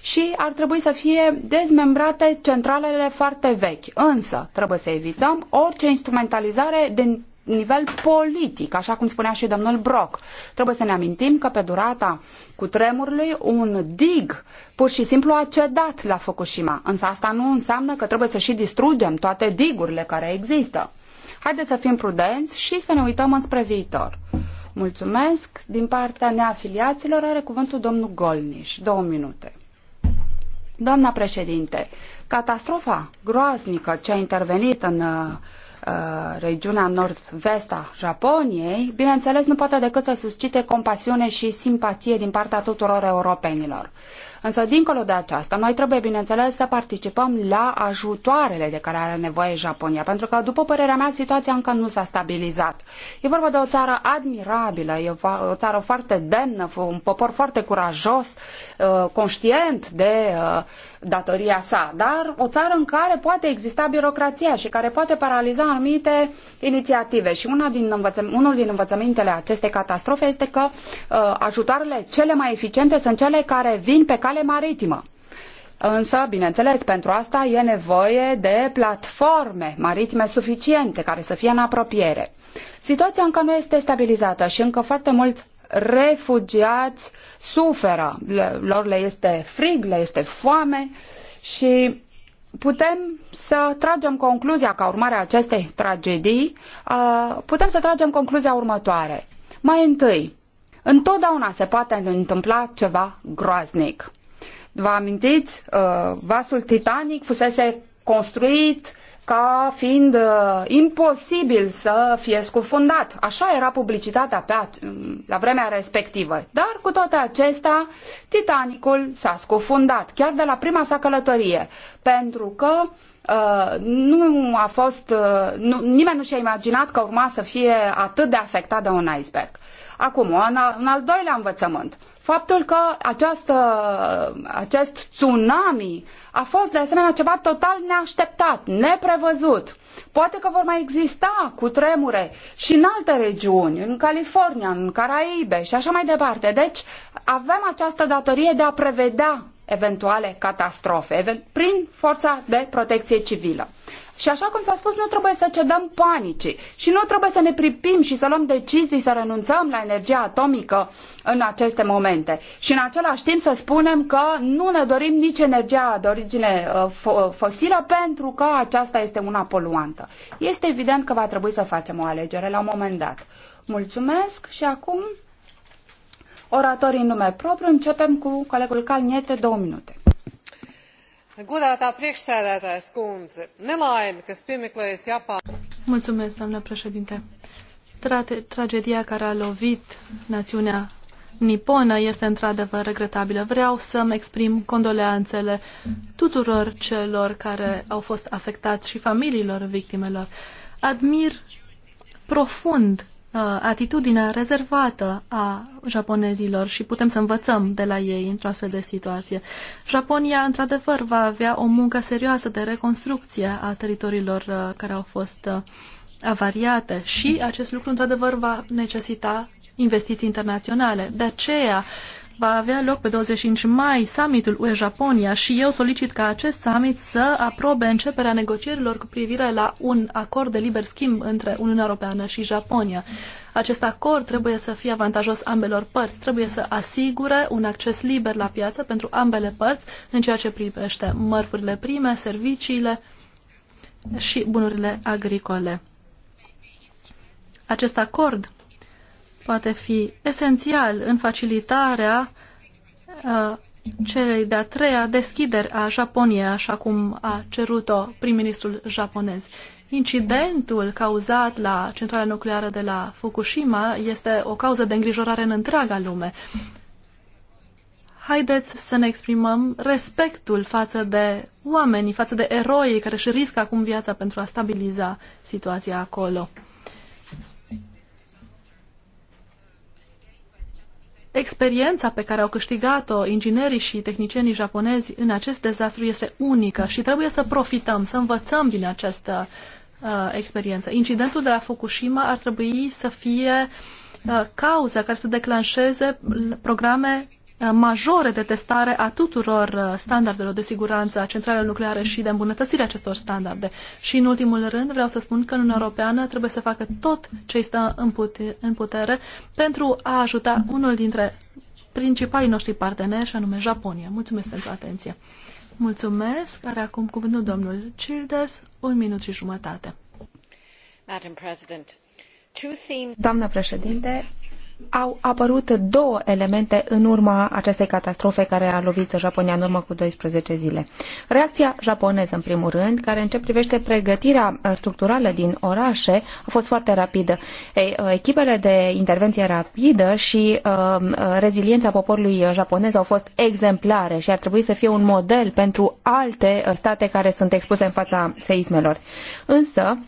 B: și ar trebui să fie dezmembrate centralele foarte vechi. Însă, trebuie să evităm orice instrumentalizare din nivel politic, așa cum spunea și domnul Brock. Trebuie să ne amintim că pe durata cu tremurului un dig pur și simplu a cedat la Fukushima. Însă asta nu înseamnă că trebuie să și distrugem toate digurile care există. Haideți să fim prudenți și să ne uităm înspre viitor. Mulțumesc. Din partea neafiliaților are cuvântul domnul Golniș. Două minute. Doamna președinte, catastrofa groaznică ce a intervenit în uh, Uh, regiunea nord-vest a Japoniei, bineînțeles nu poate decât să suscite compasiune și simpatie din partea tuturor europenilor. Însă, dincolo de aceasta, noi trebuie, bineînțeles, să participăm la ajutoarele de care are nevoie Japonia, pentru că, după părerea mea, situația încă nu s-a stabilizat. E vorba de o țară admirabilă, e o țară foarte demnă, un popor foarte curajos, uh, conștient de uh, datoria sa, dar o țară în care poate exista birocrația și care poate paraliza anumite inițiative. Și una din învățăm, unul din învățămintele acestei catastrofe este că uh, ajutoarele cele mai eficiente sunt cele care vin pe care cale maritimă. Însă, bineînțeles, pentru asta e nevoie de platforme maritime suficiente care să fie în apropiere. Situația încă nu este stabilizată și încă foarte mulți refugiați suferă, lor le este frig, le este foame și putem să tragem concluzia ca urmare a acestei tragedii, uh, putem să tragem concluzia următoare. Mai întâi, întotdeauna se poate întâmpla ceva groaznic. Vă amintiți, uh, vasul Titanic fusese construit ca fiind uh, imposibil să fie scufundat. Așa era publicitatea pe la vremea respectivă. Dar cu toate acestea, Titanicul s-a scufundat, chiar de la prima sa călătorie, pentru că uh, nu a fost, nu, nimeni nu și-a imaginat că urma să fie atât de afectat de un iceberg. Acum, un, un al doilea învățământ faptul că această, acest tsunami a fost de asemenea ceva total neașteptat, neprevăzut. Poate că vor mai exista cu tremure și în alte regiuni, în California, în Caraibe și așa mai departe. Deci avem această datorie de a prevedea eventuale catastrofe, prin forța de protecție civilă. Și așa cum s-a spus, nu trebuie să cedăm panicii și nu trebuie să ne pripim și să luăm decizii să renunțăm la energia atomică în aceste momente. Și în același timp să spunem că nu ne dorim nici energia de origine uh, uh, fosilă pentru că aceasta este una poluantă. Este evident că va trebui să facem o alegere la un moment dat. Mulțumesc și acum oratorii în nume propriu. Începem cu
C: colegul Calniete, două minute.
D: Godātā priekšsēdētājas kundze, nelaime, kas piemeklējas Japānā.
C: Mulțumesc, doamnă președinte. Tra tragedia care a lovit națiunea niponă este într-adevăr regretabilă. Vreau să-mi exprim condoleanțele tuturor celor care au fost afectați și familiilor victimelor. Admir profund Uh, atitudinea rezervată a japonezilor și putem să învățăm de la ei într-o astfel de situație. Japonia, într-adevăr, va avea o muncă serioasă de reconstrucție a teritoriilor uh, care au fost uh, avariate și acest lucru, într-adevăr, va necesita investiții internaționale. De aceea, uh, va avea loc pe 25 mai summitul UE-Japonia și eu solicit ca acest summit să aprobe începerea negocierilor cu privire la un acord de liber schimb între Uniunea Europeană și Japonia. Acest acord trebuie să fie avantajos ambelor părți, trebuie să asigure un acces liber la piață pentru ambele părți în ceea ce privește mărfurile prime, serviciile și bunurile agricole. Acest acord poate fi esențial în facilitarea uh, celei de-a treia deschideri a Japoniei, așa cum a cerut-o prim-ministrul japonez. Incidentul cauzat la centrala nucleară de la Fukushima este o cauză de îngrijorare în întreaga lume. Haideți să ne exprimăm respectul față de oamenii, față de eroii care își riscă acum viața pentru a stabiliza situația acolo. experiența pe care au câștigat-o inginerii și tehnicienii japonezi în acest dezastru este unică și trebuie să profităm, să învățăm din această uh, experiență. Incidentul de la Fukushima ar trebui să fie uh, cauza care să declanșeze programe majore de testare a tuturor uh, standardelor de siguranță a centralelor nucleare și de îmbunătățirea acestor standarde. Și în ultimul rând vreau să spun că Uniunea Europeană trebuie să facă tot ce este stă în, în putere pentru a ajuta unul dintre principalii noștri parteneri, și anume Japonia. Mulțumesc pentru atenție. Mulțumesc. Are acum cuvântul domnul Childes, un minut și jumătate. Doamnă președinte,
A: au apărut două elemente în urma acestei catastrofe care a lovit Japonia în urmă cu 12 zile. Reacția japoneză, în primul rând, care în ce privește pregătirea uh, structurală din orașe, a fost foarte rapidă. Ei, uh, echipele de intervenție rapidă și uh, uh, reziliența poporului japonez au fost exemplare și ar trebui să fie un model pentru alte state care sunt expuse în fața seismelor. Însă,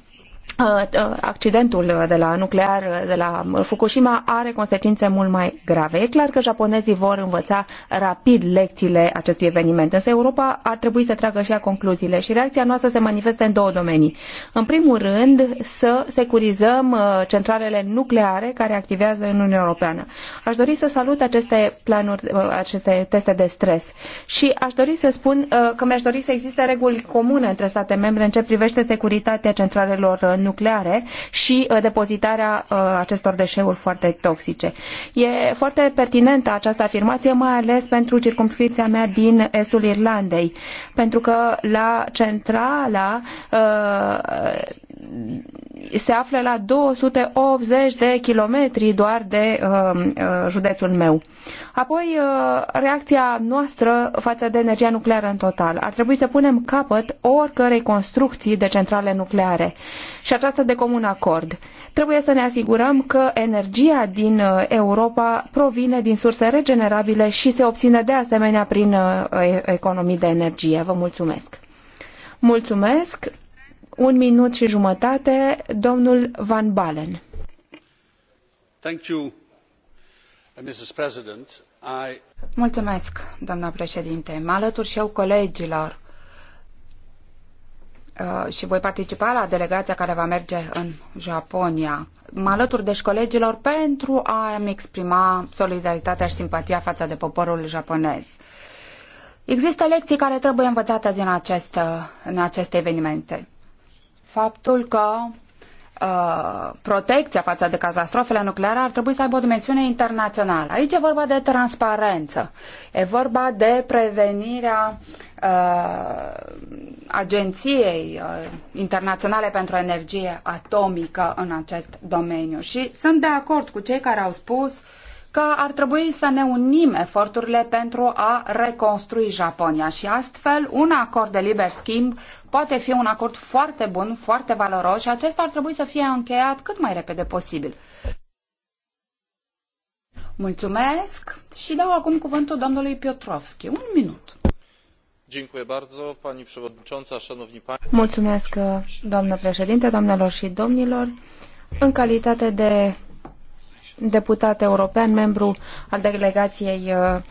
A: Uh, uh, accidentul de la nuclear de la Fukushima are consecințe mult mai grave. E clar că japonezii vor învăța rapid lecțiile acestui eveniment, însă Europa ar trebui să tragă și ea concluziile și reacția noastră se manifestă în două domenii. În primul rând, să securizăm uh, centralele nucleare care activează în Uniunea Europeană. Aș dori să salut aceste planuri, aceste teste de stres și aș dori să spun că mi-aș dori să existe reguli comune între state membre în ce privește securitatea centralelor nucleare și uh, depozitarea uh, acestor deșeuri foarte toxice. E foarte pertinentă această afirmație, mai ales pentru circumscripția mea din estul Irlandei, pentru că la centrala uh, se află la 280 de kilometri doar de um, uh, județul meu. Apoi, uh, reacția noastră față de energia nucleară în total. Ar trebui să punem capăt oricărei construcții de centrale nucleare și aceasta de comun acord. Trebuie să ne asigurăm că energia din uh, Europa provine din surse regenerabile și se obține de asemenea prin uh, economii de energie. Vă mulțumesc! Mulțumesc! un minut și jumătate, domnul Van Balen.
B: Mulțumesc, doamna președinte. Mă alătur și eu colegilor uh, și voi participa la delegația care va merge în Japonia. Mă alătur deci colegilor pentru a-mi exprima solidaritatea și simpatia față de poporul japonez. Există lecții care trebuie învățate din uh, în aceste evenimente faptul că uh, protecția față de catastrofele nucleare ar trebui să aibă o dimensiune internațională. Aici e vorba de transparență, e vorba de prevenirea uh, Agenției uh, Internaționale pentru Energie Atomică în acest domeniu. Și sunt de acord cu cei care au spus că ar trebui să ne unim eforturile pentru a reconstrui Japonia și astfel un acord de liber schimb poate fi un acord foarte bun, foarte valoros și acesta ar trebui să fie încheiat cât mai repede posibil. Mulțumesc și dau acum cuvântul domnului Piotrovski. Un minut.
A: Mulțumesc, doamnă președinte, doamnelor și domnilor. În calitate de deputat european, membru al delegației uh,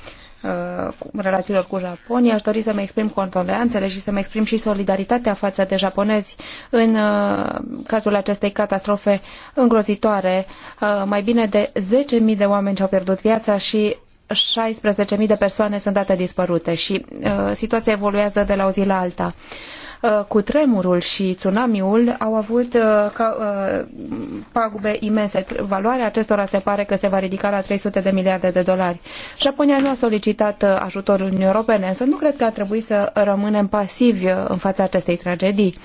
A: Uh, relațiilor cu Japonia. Aș dori să-mi exprim condoleanțele și să-mi exprim și solidaritatea față de japonezi în uh, cazul acestei catastrofe îngrozitoare. Uh, mai bine de 10.000 de oameni și-au pierdut viața și 16.000 de persoane sunt date dispărute și situația evoluează de la o zi la alta. Uh, cu tremurul și tsunamiul au avut uh, uh, pagube imense. Valoarea acestora se pare că se va ridica la 300 de miliarde de dolari. Japonia nu a solicitat ajutorul Uniunii Europene, însă nu cred că ar trebui să rămânem pasivi în fața acestei tragedii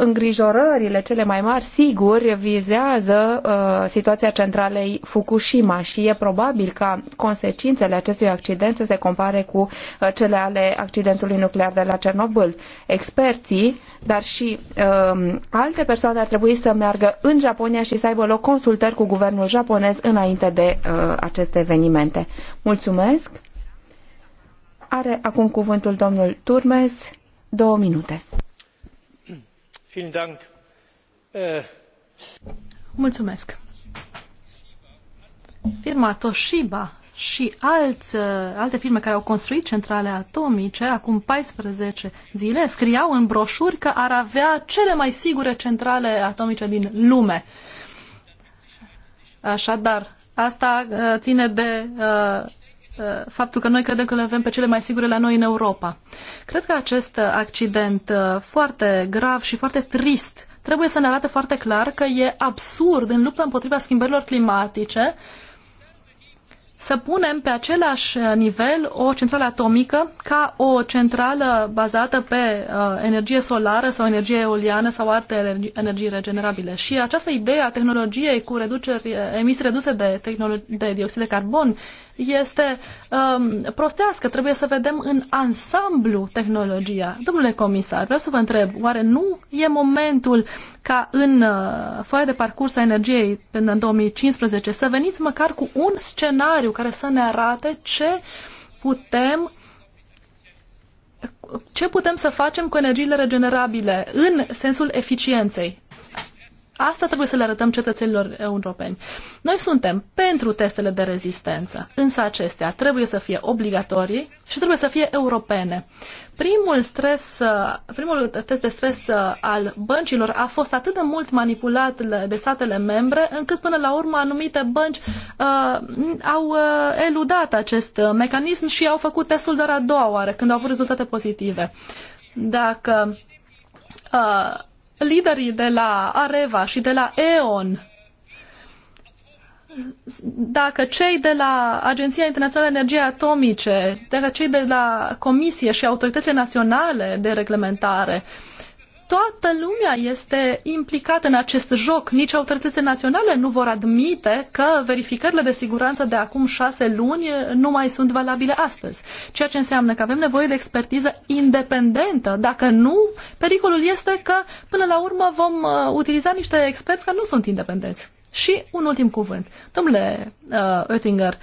A: îngrijorările cele mai mari, sigur, vizează uh, situația centralei Fukushima și e probabil ca consecințele acestui accident să se compare cu uh, cele ale accidentului nuclear de la Cernobâl. Experții, dar și uh, alte persoane ar trebui să meargă în Japonia și să aibă loc consultări cu guvernul japonez înainte de uh, aceste evenimente. Mulțumesc! Are acum cuvântul domnul Turmes, două minute.
D: Äh,
C: Mulțumesc. Firma Toshiba și uh, alte firme care au construit centrale atomice acum paisprezece zile scriau în broșuri că ar avea cele mai sigure centrale atomice din lume. Așadar, asta uh, ține de uh, Uh, faptul că noi credem că le avem pe cele mai sigure la noi în Europa. Cred că acest uh, accident uh, foarte grav și foarte trist trebuie să ne arate foarte clar că e absurd în lupta împotriva schimbărilor climatice să punem pe același nivel o centrală atomică ca o centrală bazată pe uh, energie solară sau energie eoliană sau alte energii regenerabile. Și această idee a tehnologiei cu reduceri, emisii reduse de, de dioxid de carbon este um, prostească. Trebuie să vedem în ansamblu tehnologia. Domnule comisar, vreau să vă întreb, oare nu e momentul ca în uh, foaia de parcurs a energiei până în 2015 să veniți măcar cu un scenariu care să ne arate ce putem ce putem să facem cu energiile regenerabile în sensul eficienței? Asta trebuie să le arătăm cetățenilor europeni. Noi suntem pentru testele de rezistență, însă acestea trebuie să fie obligatorii și trebuie să fie europene. Primul, stres, uh, primul test de stres uh, al băncilor a fost atât de mult manipulat de statele membre, încât până la urmă anumite bănci uh, au uh, eludat acest uh, mecanism și au făcut testul doar a doua oară, când au avut rezultate pozitive. Dacă uh, liderii de la Areva și de la E.ON, dacă cei de la Agenția Internațională de Energie Atomice, dacă cei de la Comisie și autoritățile naționale de reglementare uh, toată lumea este implicată în acest joc. Nici autoritățile naționale nu vor admite că verificările de siguranță de acum șase luni nu mai sunt valabile astăzi. Ceea ce înseamnă că avem nevoie de expertiză independentă. Dacă nu, pericolul este că până la urmă vom uh, utiliza niște experți care nu sunt independenți. Și un ultim cuvânt. Domnule uh, Oettinger, uh,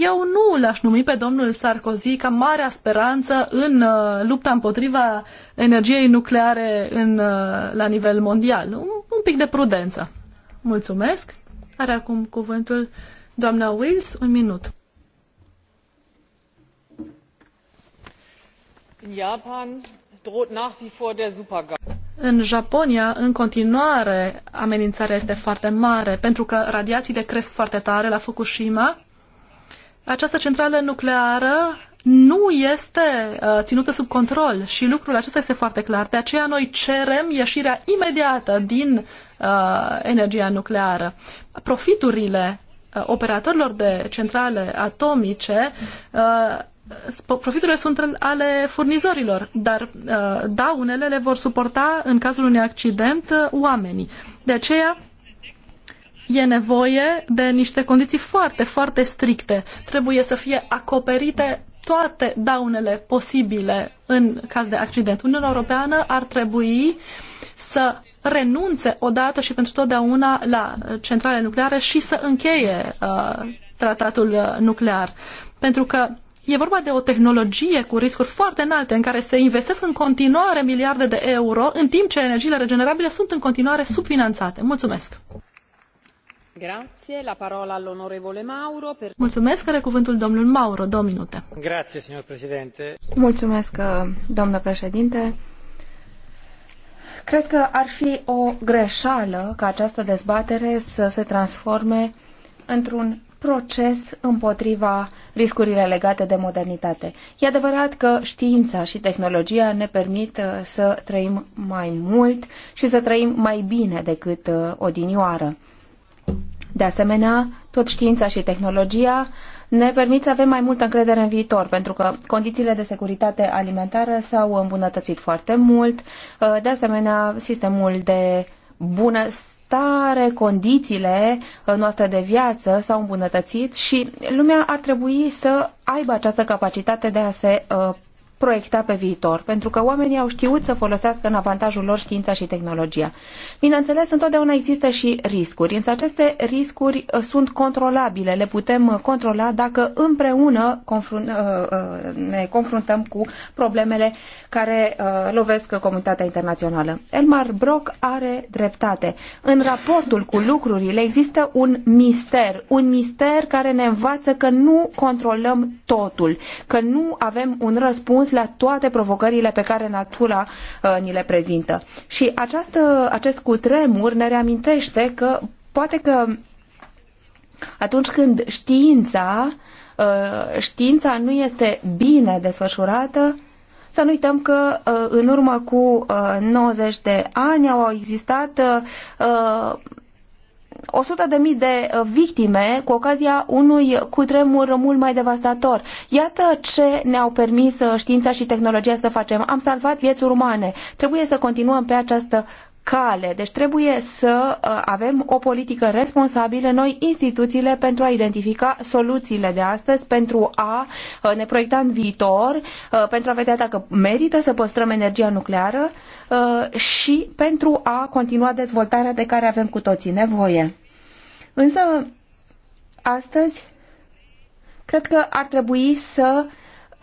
C: eu nu l-aș numi pe domnul Sarkozy ca marea speranță în uh, lupta împotriva energiei nucleare în, uh, la nivel mondial. Un, un pic de prudență. Mulțumesc. Are acum cuvântul doamna Wills, un minut. Japan droht nach wie vor der Supergau. În Japonia, în continuare, amenințarea este foarte mare, pentru că radiațiile cresc foarte tare la Fukushima această centrală nucleară nu este uh, ținută sub control și lucrul acesta este foarte clar. De aceea noi cerem ieșirea imediată din uh, energia nucleară. Profiturile uh, operatorilor de centrale atomice uh, Profiturile sunt ale furnizorilor, dar uh, daunele le vor suporta în cazul unui accident uh, oamenii. De aceea e nevoie de niște condiții foarte, foarte stricte. Trebuie să fie acoperite toate daunele posibile în caz de accident. Uniunea Europeană ar trebui să renunțe odată și pentru totdeauna la centrale nucleare și să încheie uh, tratatul uh, nuclear. Pentru că e vorba de o tehnologie cu riscuri foarte înalte în care se investesc în continuare miliarde de euro, în timp ce energiile regenerabile sunt în continuare subfinanțate. Mulțumesc!
A: Grazie, la parola all'onorevole Mauro. Per...
C: Mulțumesc, are cuvântul domnul Mauro, două minute. Grazie, signor președinte. Mulțumesc, uh, domnule președinte.
A: Cred că ar fi o greșeală ca această dezbatere să se transforme într-un proces împotriva riscurile legate de modernitate. E adevărat că știința și tehnologia ne permit uh, să trăim mai mult și să trăim mai bine decât uh, odinioară. De asemenea, tot știința și tehnologia ne permit să avem mai multă încredere în viitor, pentru că condițiile de securitate alimentară s-au îmbunătățit foarte mult. Uh, de asemenea, sistemul de bună stare, condițiile uh, noastre de viață s-au îmbunătățit și lumea ar trebui să aibă această capacitate de a se uh, proiecta pe viitor, pentru că oamenii au știut să folosească în avantajul lor știința și tehnologia. Bineînțeles, întotdeauna există și riscuri, însă aceste riscuri uh, sunt controlabile, le putem uh, controla dacă împreună uh, ne confruntăm cu problemele care lovesc comunitatea internațională. Elmar Brock are dreptate. În raportul cu lucrurile există un mister, un mister care ne învață că nu controlăm totul, că nu avem un răspuns răspuns la toate provocările pe care natura uh, ni le prezintă. Și această, acest cutremur ne reamintește că poate că atunci când știința, uh, știința nu este bine desfășurată, să nu uităm că uh, în urmă cu 90 de ani au existat 100.000 de uh, victime cu ocazia unui cutremur mult mai devastator. Iată ce ne-au permis uh, știința și tehnologia să facem. Am salvat vieți umane. Trebuie să continuăm pe această cale. Deci trebuie să uh, avem o politică responsabilă noi instituțiile pentru a identifica soluțiile de astăzi, pentru a uh, ne proiecta în viitor, uh, pentru a vedea dacă merită să păstrăm energia nucleară și pentru a continua dezvoltarea de care avem cu toții nevoie. Însă, astăzi, cred că ar trebui să uh,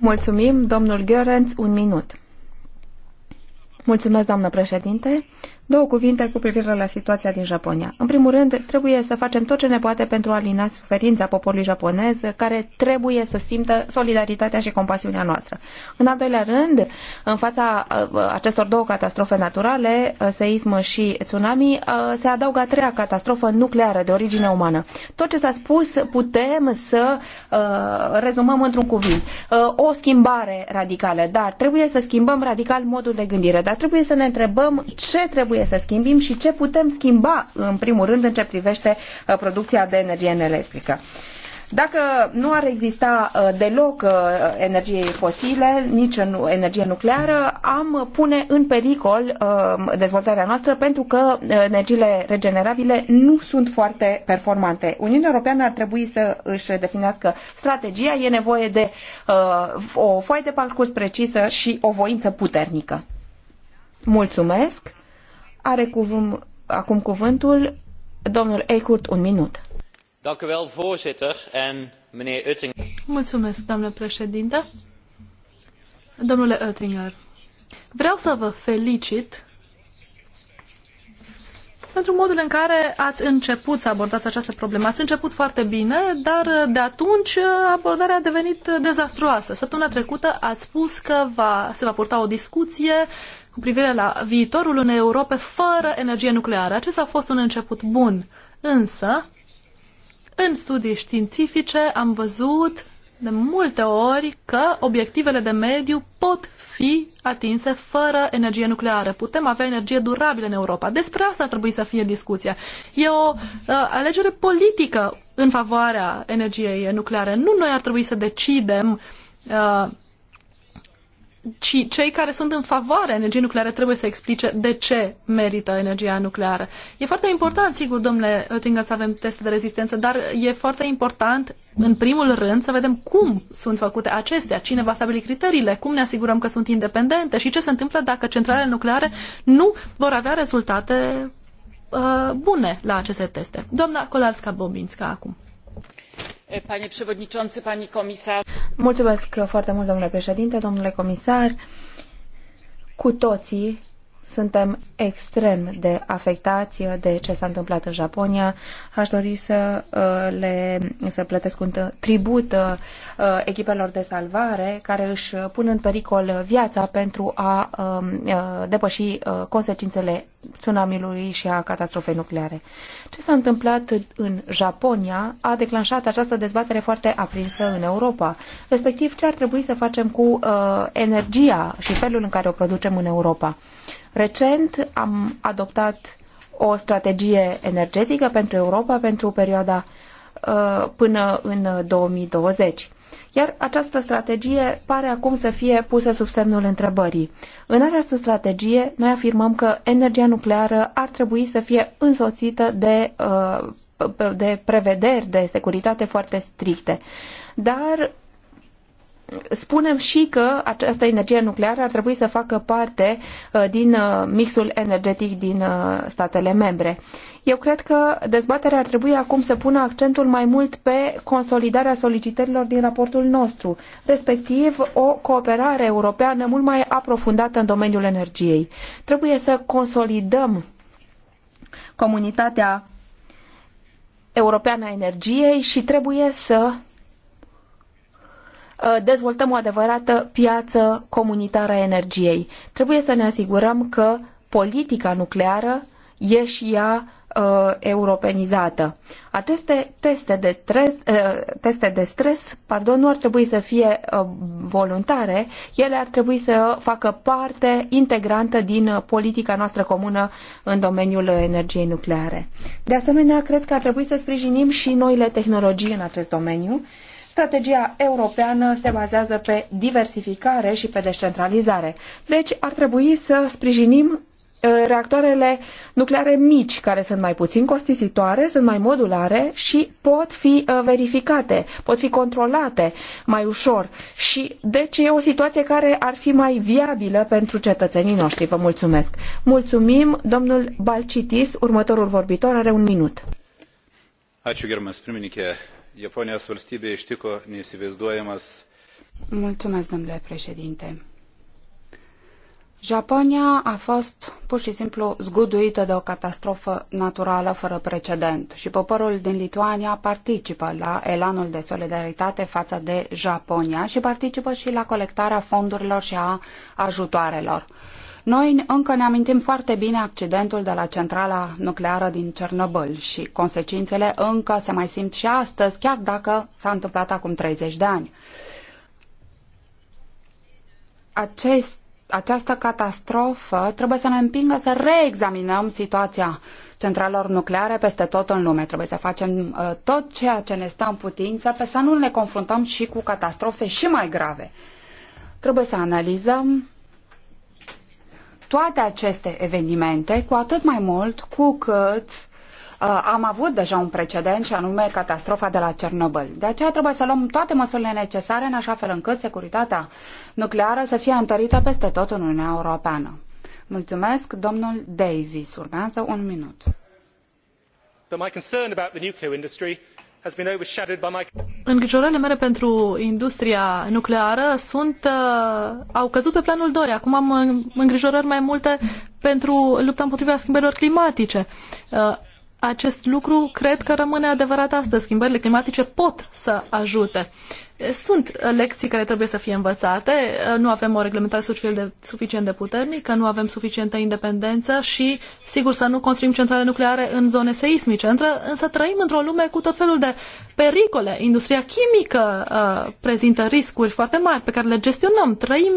A: Mulțumim, domnul Görenț, un minut. Mulțumesc, doamnă președinte. Două cuvinte cu privire la situația din Japonia. În primul rând, trebuie să facem tot ce ne poate pentru a alina suferința poporului japonez, care trebuie să simtă solidaritatea și compasiunea noastră. În al doilea rând, în fața uh, acestor două catastrofe naturale, uh, seism și tsunami, uh, se adaugă a treia catastrofă nucleară de origine umană. Tot ce s-a spus putem să rezumăm într-un cuvânt. O schimbare radicală, dar trebuie să schimbăm radical modul de gândire, dar trebuie să ne întrebăm ce trebuie trebuie să schimbim și ce putem schimba, în primul rând, în ce privește uh, producția de energie electrică. Dacă nu ar exista uh, deloc uh, energie fosile, nici energie nucleară, am pune în pericol dezvoltarea noastră pentru că energiile regenerabile nu sunt foarte performante. Uniunea Europeană ar trebui să își definească strategia, e nevoie de o foaie de parcurs precisă și o voință puternică. Mulțumesc! Are cuvânt, acum cuvântul domnul Eichhurt, un minut.
C: Mulțumesc, doamnă președinte. Domnule Oettinger, vreau să vă felicit pentru modul în care ați început să abordați această problemă. Ați început foarte bine, dar de atunci abordarea a devenit dezastruoasă. Săptămâna trecută ați spus că va, se va purta o discuție cu privire la viitorul unei Europe fără energie nucleară. Acesta a fost un început bun, însă în studii științifice am văzut de multe ori că obiectivele de mediu pot fi atinse fără energie nucleară. Putem avea energie durabilă în Europa. Despre asta ar trebui să fie discuția. E o uh, alegere politică în favoarea energiei nucleare. Nu noi ar trebui să decidem uh, ci cei care sunt în favoarea energiei nucleare trebuie să explice de ce merită energia nucleară. E foarte important, sigur, domnule Oettinger, să avem teste de rezistență, dar e foarte important, în primul rând, să vedem cum sunt făcute acestea, cine va stabili criteriile, cum ne asigurăm că sunt independente și ce se întâmplă dacă centralele nucleare nu vor avea rezultate uh, bune la aceste teste. Doamna Kolarska-Bobinska acum
D: panie przewodniczący, pani comisar.
C: Mulțumesc foarte mult, domnule președinte, domnule comisar.
A: Cu toții suntem extrem de afectați de ce s-a întâmplat în Japonia. Aș dori să uh, le să plătesc un tribut uh, Uh, echipelor de salvare care își pun în pericol viața pentru a um, uh, depăși uh, consecințele tsunamiului și a catastrofei nucleare. Ce s-a întâmplat în Japonia a declanșat această dezbatere foarte aprinsă în Europa, respectiv ce ar trebui să facem cu uh, energia și felul în care o producem în Europa. Recent am adoptat o strategie energetică pentru Europa pentru perioada uh, până în 2020. Iar această strategie pare acum să fie pusă sub semnul întrebării. În această strategie, noi afirmăm că energia nucleară ar trebui să fie însoțită de, uh, de prevederi de securitate foarte stricte. Dar spunem și că această energie nucleară ar trebui să facă parte uh, din uh, mixul energetic din uh, statele membre. Eu cred că dezbaterea ar trebui acum să pună accentul mai mult pe consolidarea solicitărilor din raportul nostru, respectiv o cooperare europeană mult mai aprofundată în domeniul energiei. Trebuie să consolidăm comunitatea europeană a energiei și trebuie să Uh, dezvoltăm o adevărată piață comunitară a energiei. Trebuie să ne asigurăm că politica nucleară e și ea uh, europenizată. Aceste teste de, uh, teste de stres pardon, nu ar trebui să fie voluntare, ele ar trebui să facă parte integrantă din politica noastră comună în domeniul energiei nucleare. De asemenea, cred că ar trebui să sprijinim și noile tehnologii în acest domeniu. Strategia europeană se bazează pe diversificare și pe descentralizare. Deci ar trebui să sprijinim uh, reactoarele nucleare mici, care sunt mai puțin costisitoare, sunt mai modulare și pot fi uh, verificate, pot fi controlate mai ușor. Și deci e o situație care ar fi mai viabilă pentru cetățenii noștri. Vă mulțumesc. Mulțumim, domnul Balcitis. Următorul vorbitor are un minut.
C: Ačiū, gerbiamas pirmininkė japonijos valstybę ištiko neįsivaizduojamas
B: Mulțumesc, domnule președinte. Japonia a fost pur și simplu zguduită de o catastrofă naturală fără precedent și poporul din Lituania participă la elanul de solidaritate față de Japonia și participă și la colectarea fondurilor și a ajutoarelor. Noi încă ne amintim foarte bine accidentul de la centrala nucleară din Cernobâl și consecințele încă se mai simt și astăzi, chiar dacă s-a întâmplat acum 30 de ani. Acest, această catastrofă trebuie să ne împingă să reexaminăm situația centralelor nucleare peste tot în lume. Trebuie să facem uh, tot ceea ce ne stă în putință pe să nu ne confruntăm și cu catastrofe și mai grave. Trebuie să analizăm toate aceste evenimente, cu atât mai mult cu cât uh, am avut deja un precedent și anume catastrofa de la Cernobâl. De aceea trebuie să luăm toate măsurile necesare în așa fel încât securitatea nucleară să fie întărită peste tot în Uniunea Europeană. Mulțumesc, domnul Davis. Urmează un minut.
D: But my concern about the nuclear industry
C: Îngrijorările mele pentru industria nucleară sunt, uh, au căzut pe planul 2. Acum am îngrijorări mai multe pentru lupta împotriva schimbărilor climatice. Uh, acest lucru cred că rămâne adevărat astăzi. Schimbările climatice pot să ajute. Sunt lecții care trebuie să fie învățate. Nu avem o reglementare suficient de puternică, nu avem suficientă independență și, sigur, să nu construim centrale nucleare în zone seismice. Însă trăim într-o lume cu tot felul de pericole. Industria chimică uh, prezintă riscuri foarte mari pe care le gestionăm. Trăim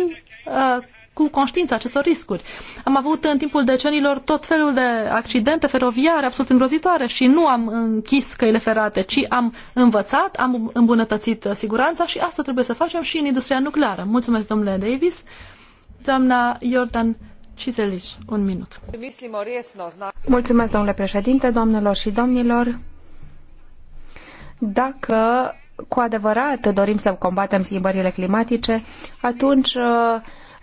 C: uh, cu conștiința acestor riscuri. Am avut în timpul decenilor tot felul de accidente feroviare absolut îngrozitoare și nu am închis căile ferate, ci am învățat, am îmbunătățit siguranța și asta trebuie să facem și în industria nucleară. Mulțumesc, domnule Davis. Doamna Jordan Cizeliș, un minut.
B: Mulțumesc,
A: domnule președinte, doamnelor și domnilor. Dacă cu adevărat dorim să combatem schimbările climatice, atunci uh,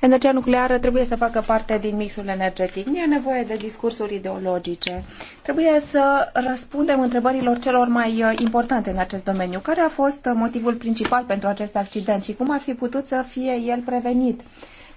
A: energia nucleară trebuie să facă parte din mixul energetic. Nu e nevoie de discursuri ideologice. Trebuie să răspundem întrebărilor celor mai uh, importante în acest domeniu. Care a fost motivul principal pentru acest accident și cum ar fi putut să fie el prevenit?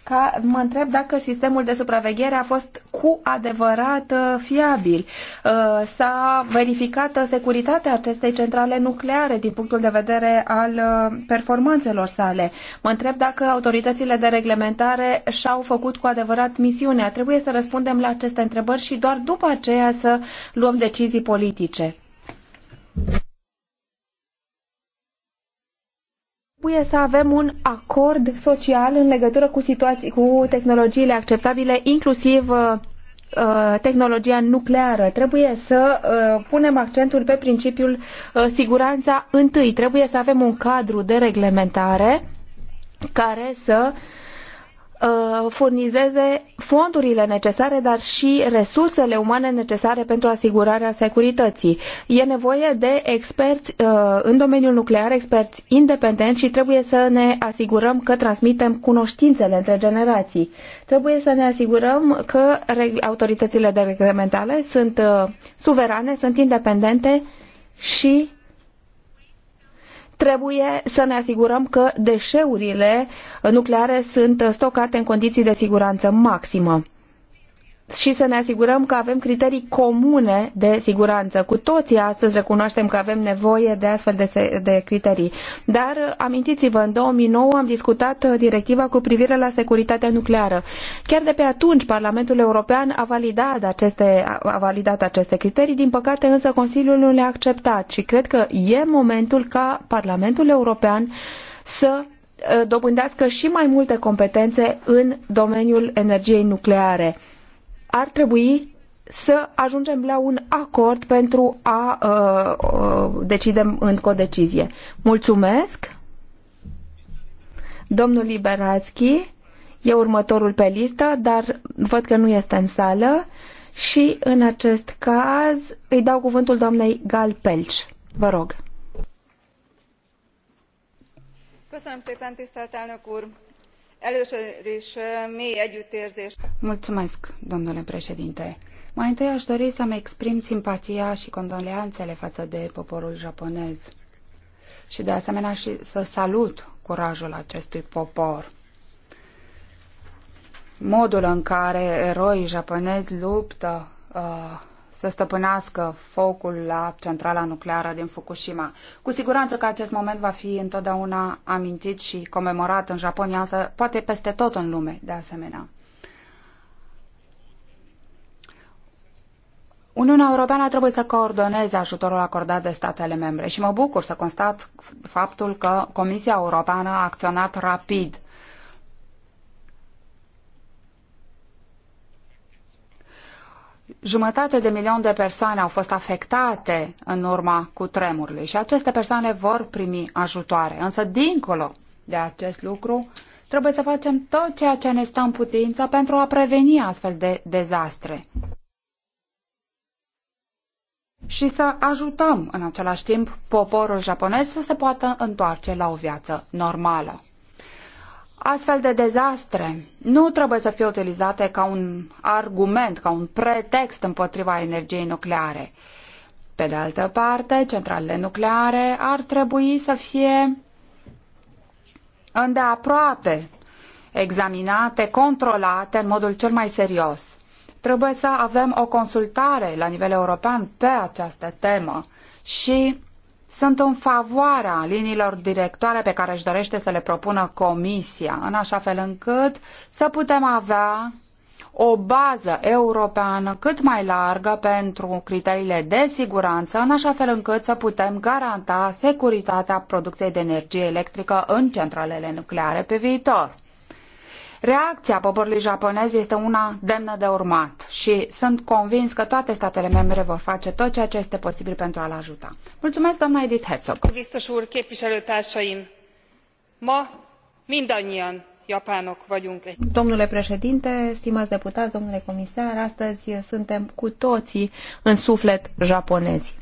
A: ca, mă întreb dacă sistemul de supraveghere a fost cu adevărat uh, fiabil. Uh, s-a verificat securitatea acestei centrale nucleare din punctul de vedere al uh, performanțelor sale. Mă întreb dacă autoritățile de reglementare și-au făcut cu adevărat misiunea. Trebuie să răspundem la aceste întrebări și doar după aceea să luăm decizii politice. trebuie să avem un acord social în legătură cu, situații, cu tehnologiile acceptabile, inclusiv uh, uh, tehnologia nucleară. Trebuie să uh, punem accentul pe principiul siguranța întâi. Trebuie să avem un cadru de reglementare care să uh, Uh, furnizeze fondurile necesare, dar și resursele umane necesare pentru asigurarea securității. E nevoie de experți uh, în domeniul nuclear, experți independenți și trebuie să ne asigurăm că transmitem cunoștințele între generații. Trebuie să ne asigurăm că autoritățile de reglementare sunt uh, suverane, sunt independente și trebuie să ne asigurăm că deșeurile nucleare sunt stocate în condiții de siguranță maximă și să ne asigurăm că avem criterii comune de siguranță. Cu toții astăzi recunoaștem că avem nevoie de astfel de, de criterii. Dar amintiți-vă, în 2009 am discutat uh, directiva cu privire la securitatea nucleară. Chiar de pe atunci Parlamentul European a validat aceste, a validat aceste criterii, din păcate însă Consiliul nu le-a acceptat și cred că e momentul ca Parlamentul European să uh, dobândească și mai multe competențe în domeniul energiei nucleare ar trebui să ajungem la un acord pentru a uh, uh, decidem în codecizie. Mulțumesc! Domnul Liberațchi e următorul pe listă, dar văd că nu este în sală și în acest caz îi dau cuvântul doamnei Gal Pelci. Vă rog!
D: Köszönöm szépen, tisztelt elnök úr! Először is mély együttérzést.
B: domnule președinte. Mai întâi aș dori să-mi exprim simpatia și condoleanțele față de poporul japonez și de asemenea și să salut curajul acestui popor. Modul în care eroii japonezi luptă uh, să stăpânească focul la centrala nucleară din Fukushima. Cu siguranță că acest moment va fi întotdeauna amintit și comemorat în Japonia, însă poate peste tot în lume, de asemenea. Uniunea Europeană trebuie să coordoneze ajutorul acordat de statele membre și mă bucur să constat faptul că Comisia Europeană a acționat rapid Jumătate de milion de persoane au fost afectate în urma cutremurului și aceste persoane vor primi ajutoare. Însă, dincolo de acest lucru, trebuie să facem tot ceea ce ne stă în putință pentru a preveni astfel de dezastre și să ajutăm în același timp poporul japonez să se poată întoarce la o viață normală. Astfel de dezastre nu trebuie să fie utilizate ca un argument, ca un pretext împotriva energiei nucleare. Pe de altă parte, centralele nucleare ar trebui să fie îndeaproape examinate, controlate în modul cel mai serios. Trebuie să avem o consultare la nivel european pe această temă și sunt în favoarea liniilor directoare pe care își dorește să le propună Comisia, în așa fel încât să putem avea o bază europeană cât mai largă pentru criteriile de siguranță, în așa fel încât să putem garanta securitatea producției de energie electrică în centralele nucleare pe viitor. Reacția poporului japonez este una demnă de urmat și sunt convins că toate statele membre vor face tot ceea ce este posibil pentru a-l ajuta. Mulțumesc, doamna Edith Herzog. Biztos úr, képviselőtársaim, ma mindannyian japánok vagyunk.
A: Domnule președinte, stimați deputați, domnule comisar, astăzi suntem cu toții în suflet japonezi.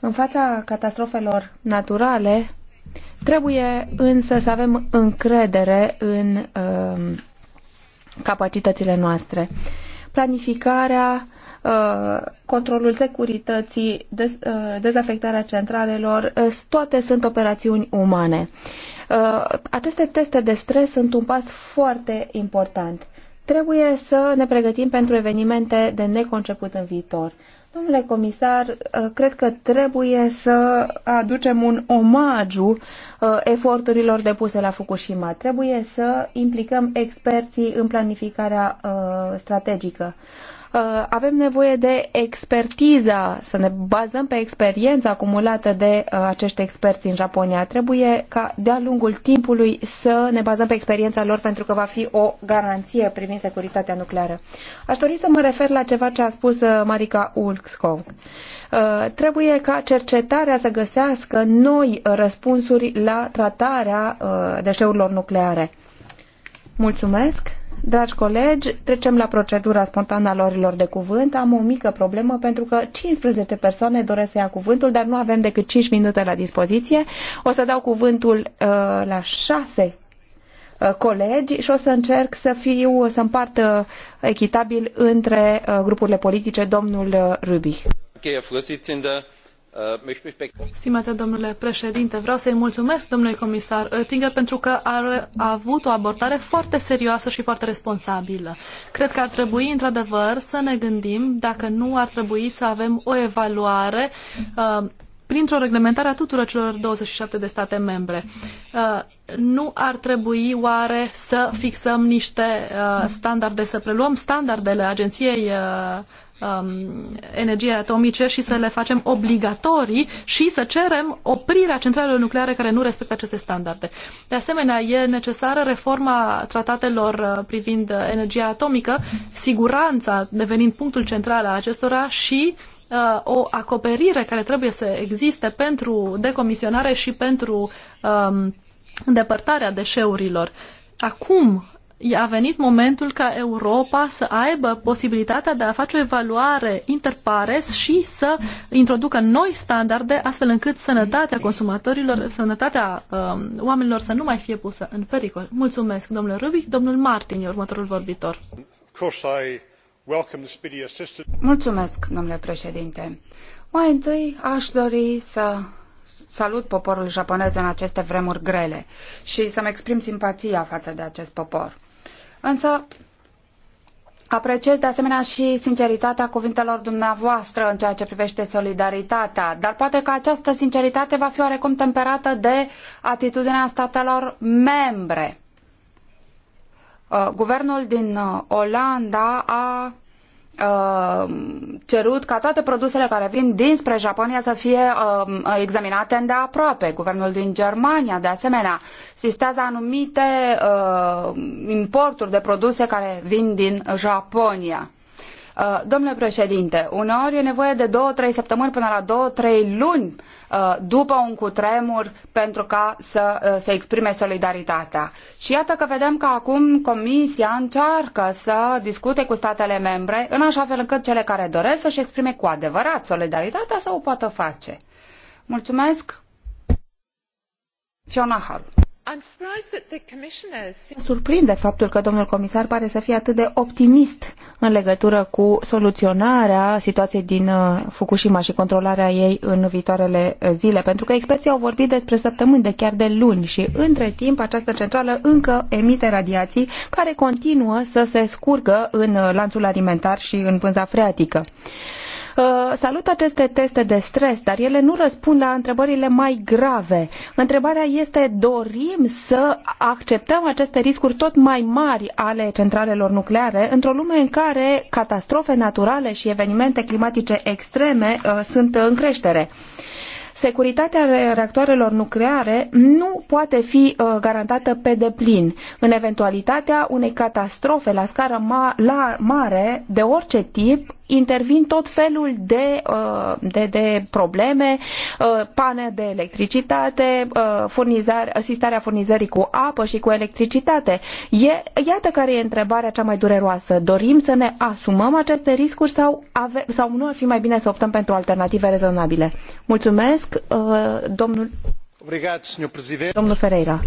A: În fața catastrofelor naturale, Trebuie însă să avem încredere în uh, capacitățile noastre. Planificarea, uh, controlul securității, dez, uh, dezafectarea centralelor, uh, toate sunt operațiuni umane. Uh, aceste teste de stres sunt un pas foarte important. Trebuie să ne pregătim pentru evenimente de neconceput în viitor. Domnule comisar, uh, cred că trebuie să aducem un omagiu uh, eforturilor depuse la Fukushima. Trebuie să implicăm experții în planificarea uh, strategică. Uh, avem nevoie de expertiza, să ne bazăm pe experiența acumulată de uh, acești experți în Japonia. Trebuie ca de-a lungul timpului să ne bazăm pe experiența lor pentru că va fi o garanție privind securitatea nucleară. Aș dori să mă refer la ceva ce a spus uh, Marica Ulskov. Trebuie ca cercetarea să găsească noi răspunsuri la tratarea deșeurilor nucleare. Mulțumesc! Dragi colegi, trecem la procedura spontană a lorilor de cuvânt. Am o mică problemă pentru că 15 persoane doresc să ia cuvântul, dar nu avem decât 5 minute la dispoziție. O să dau cuvântul uh, la 6 uh, colegi și o să încerc să fiu, să împart uh, echitabil între uh, grupurile politice,
C: domnul Rubich. Rubi. Okay, Stimate domnule președinte, vreau să-i mulțumesc domnului comisar Oettinger pentru că a avut o abordare foarte serioasă și foarte responsabilă. Cred că ar trebui, într-adevăr, să ne gândim dacă nu ar trebui să avem o evaluare uh, printr-o reglementare a tuturor celor 27 de state membre. Uh, nu ar trebui oare să fixăm niște uh, standarde, să preluăm standardele Agenției uh, um, energiei atomice și să le facem obligatorii și să cerem oprirea centralelor nucleare care nu respectă aceste standarde. De asemenea, e necesară reforma tratatelor uh, privind energia atomică, siguranța devenind punctul central al acestora și uh, o acoperire care trebuie să existe pentru decomisionare și pentru um, îndepărtarea deșeurilor. Acum a venit momentul ca Europa să aibă posibilitatea de a face o evaluare interpares și să introducă noi standarde astfel încât sănătatea consumatorilor, sănătatea um, oamenilor să nu mai fie pusă în pericol. Mulțumesc, domnule Rubic. Domnul Martin e următorul vorbitor. Mulțumesc,
B: domnule președinte. Mai întâi aș dori să salut poporul japonez în aceste vremuri grele și să-mi exprim simpatia față de acest popor. Însă apreciez de asemenea și sinceritatea cuvintelor dumneavoastră în ceea ce privește solidaritatea, dar poate că această sinceritate va fi oarecum temperată de atitudinea statelor membre. Uh, guvernul din uh, Olanda a Uh, cerut ca toate produsele care vin dinspre Japonia să fie uh, examinate îndeaproape. Guvernul din Germania, de asemenea, sistează anumite uh, importuri de produse care vin din Japonia. Uh, domnule președinte, uneori e nevoie de două, trei săptămâni până la două, trei luni uh, după un cutremur pentru ca să uh, se exprime solidaritatea. Și iată că vedem că acum Comisia încearcă să discute cu statele membre în așa fel încât cele care doresc să-și exprime cu adevărat solidaritatea să o poată face. Mulțumesc! Fiona Haru. Surprinde faptul
A: că domnul comisar pare să fie atât de optimist în legătură cu soluționarea situației din uh, Fukushima și controlarea ei în viitoarele zile, pentru că experții au vorbit despre săptămâni, de chiar de luni și între timp această centrală încă emite radiații care continuă să se scurgă în uh, lanțul alimentar și în pânza freatică. Uh, salut aceste teste de stres, dar ele nu răspund la întrebările mai grave. Întrebarea este, dorim să acceptăm aceste riscuri tot mai mari ale centralelor nucleare într-o lume în care catastrofe naturale și evenimente climatice extreme uh, sunt în creștere? securitatea reactoarelor nucleare nu poate fi uh, garantată pe deplin în eventualitatea unei catastrofe la scară ma la mare de orice tip intervin tot felul de, uh, de, de probleme, uh, pane de electricitate, furnizare, asistarea furnizării cu apă și cu electricitate. E, iată care e întrebarea cea mai dureroasă. Dorim să ne asumăm aceste riscuri sau, ave, sau nu ar fi mai bine să optăm pentru alternative rezonabile? Mulțumesc! Mulțumesc, uh, domnul. Domnul Ferreira.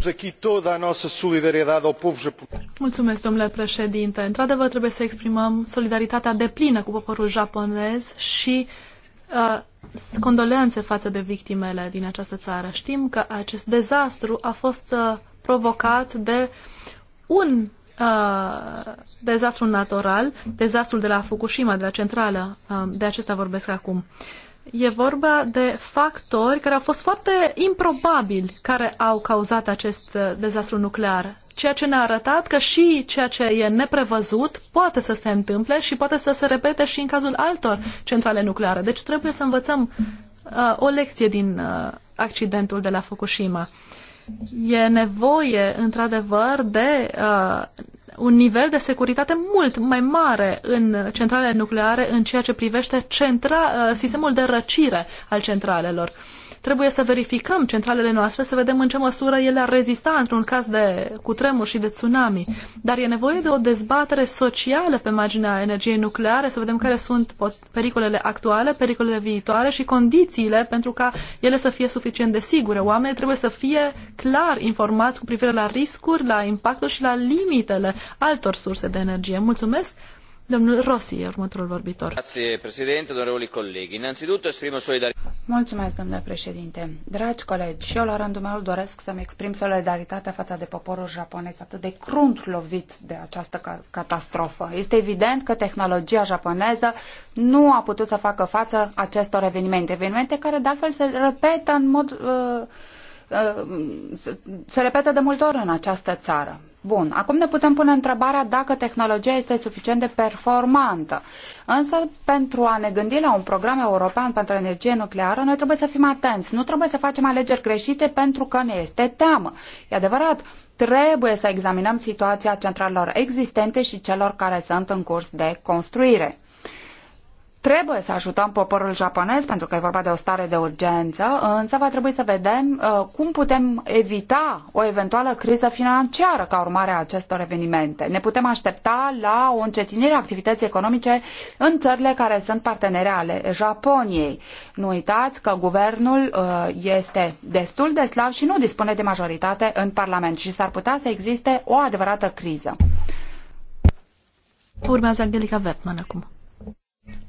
C: Mulțumesc, domnule președinte. Într-adevăr, trebuie să exprimăm solidaritatea deplină cu poporul japonez și uh, condoleanțe față de victimele din această țară. Știm că acest dezastru a fost uh, provocat de un uh, dezastru natural, dezastrul de la Fukushima, de la centrală, uh, de acesta vorbesc acum. Uh, E vorba de factori care au fost foarte improbabili care au cauzat acest uh, dezastru nuclear. Ceea ce ne-a arătat că și ceea ce e neprevăzut poate să se întâmple și poate să se repete și în cazul altor centrale nucleare. Deci trebuie să învățăm uh, o lecție din uh, accidentul de la Fukushima. E nevoie, într-adevăr, de uh, un nivel de securitate mult mai mare în centralele nucleare în ceea ce privește centra, uh, sistemul de răcire al centralelor. Uh, Trebuie să verificăm centralele noastre, să vedem în ce măsură ele ar rezista într-un caz de cutremur și de tsunami. Dar e nevoie de o dezbatere socială pe marginea energiei nucleare, să vedem care sunt pericolele actuale, pericolele viitoare și condițiile pentru ca ele să fie suficient de sigure. Oamenii trebuie să fie clar informați cu privire la riscuri, la impactul și la limitele altor surse de energie. Mulțumesc! Domnul Rossi următorul vorbitor. Grazie, președinte,
A: onorevoli colegi. Innanzitutto esprimo solidaritate.
C: Mulțumesc, domnule președinte. Dragi colegi,
B: și eu la rândul meu doresc să-mi exprim solidaritatea față de poporul japonez atât de crunt lovit de această catastrofă. Este evident că tehnologia japoneză nu a putut să facă față acestor evenimente, evenimente care de altfel se repetă în mod uh, uh se repetă de multe ori în această țară. Bun, acum ne putem pune întrebarea dacă tehnologia este suficient de performantă. Însă, pentru a ne gândi la un program european pentru energie nucleară, noi trebuie să fim atenți. Nu trebuie să facem alegeri greșite pentru că ne este teamă. E adevărat, trebuie să examinăm situația centralelor existente și celor care sunt în curs de construire. Trebuie să ajutăm poporul japonez pentru că e vorba de o stare de urgență, însă va trebui să vedem uh, cum putem evita o eventuală criză financiară ca urmare a acestor evenimente. Ne putem aștepta la o încetinire a activității economice în țările care sunt partenere ale Japoniei. Nu uitați că guvernul uh, este destul de slab și nu dispune de majoritate în Parlament și s-ar putea să existe o adevărată criză.
C: Urmează Angelica Vertman acum.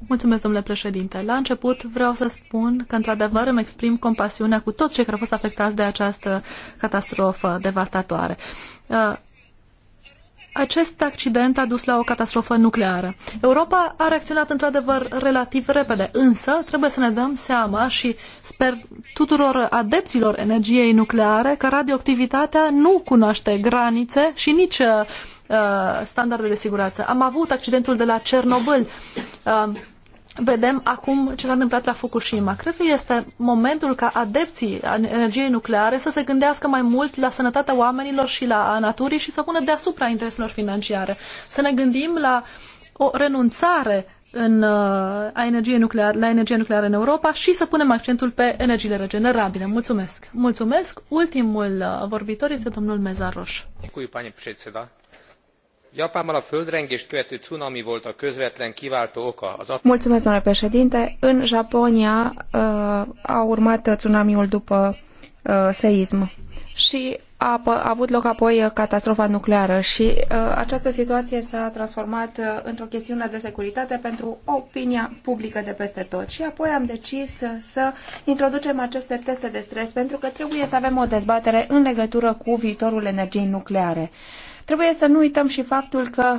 C: Mulțumesc, domnule președinte. La început vreau să spun că, într-adevăr, îmi exprim compasiunea cu toți cei care au fost afectați de această catastrofă devastatoare. Uh, acest accident a dus la o catastrofă nucleară. Europa a reacționat într-adevăr relativ repede, însă trebuie să ne dăm seama și sper tuturor adepților energiei nucleare că radioactivitatea nu cunoaște granițe și nici uh, standarde de siguranță. Am avut accidentul de la Cernobâl. Uh, vedem acum ce s-a întâmplat la Fukushima. Cred că este momentul ca adepții energiei nucleare să se gândească mai mult la sănătatea oamenilor și la naturii și să pună deasupra intereselor financiare. Să ne gândim la o renunțare în, uh, a energie nuclear, la energie nucleară în Europa și să punem accentul pe energiile regenerabile. Mulțumesc! Mulțumesc! Ultimul uh, vorbitor este domnul Mezaroș.
D: Cui, pani președinte, japánban a földrengést követő cunami volt a közvetlen kiváltó oka az Mulțumesc,
C: domnule
A: președinte. În Japonia uh, a urmat tsunamiul după uh, seism și a, a avut loc apoi catastrofa nucleară și uh, această situație s-a transformat uh, într-o chestiune de securitate pentru opinia publică de peste tot. Și apoi am decis să introducem aceste teste de stres pentru că trebuie să avem o dezbatere în legătură cu viitorul energiei nucleare. Uh, Trebuie să nu uităm și faptul că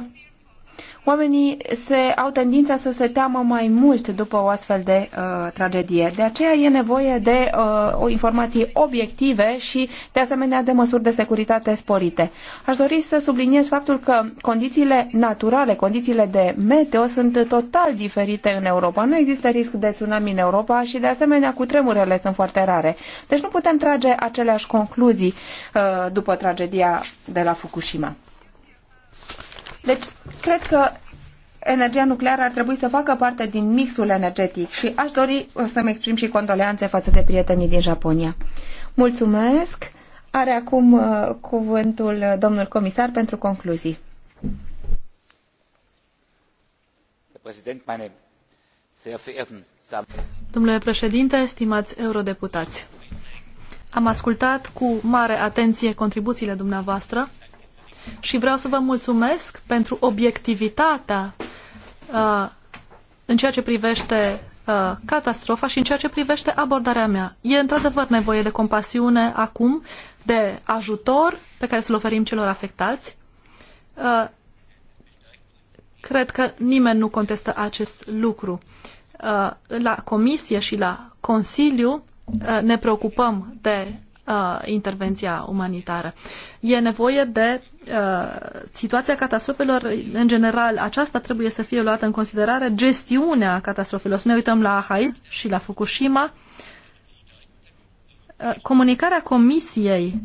A: Oamenii se, au tendința să se teamă mai mult după o astfel de uh, tragedie. De aceea e nevoie de uh, o informații obiective și, de asemenea, de măsuri de securitate sporite. Aș dori să subliniez faptul că condițiile naturale, condițiile de meteo sunt total diferite în Europa. Nu există risc de tsunami în Europa și, de asemenea, cu tremurele sunt foarte rare. Deci nu putem trage aceleași concluzii uh, după tragedia de la Fukushima. Deci, cred că energia nucleară ar trebui să facă parte din mixul energetic și aș dori uh, să-mi exprim și condoleanțe față de prietenii din Japonia. Mulțumesc! Are acum uh, cuvântul uh, domnul comisar pentru concluzii.
C: Domnule președinte, stimați eurodeputați, am ascultat cu mare atenție contribuțiile dumneavoastră și vreau să vă mulțumesc pentru obiectivitatea uh, în ceea ce privește uh, catastrofa și în ceea ce privește abordarea mea. E într-adevăr nevoie de compasiune acum, de ajutor pe care să-l oferim celor afectați. Uh, cred că nimeni nu contestă acest lucru. Uh, la Comisie și la Consiliu uh, ne preocupăm de uh, intervenția umanitară. E nevoie de uh, situația catastrofelor în general. Aceasta trebuie să fie luată în considerare gestiunea catastrofelor. Să ne uităm la Ahai și la Fukushima. Uh, comunicarea Comisiei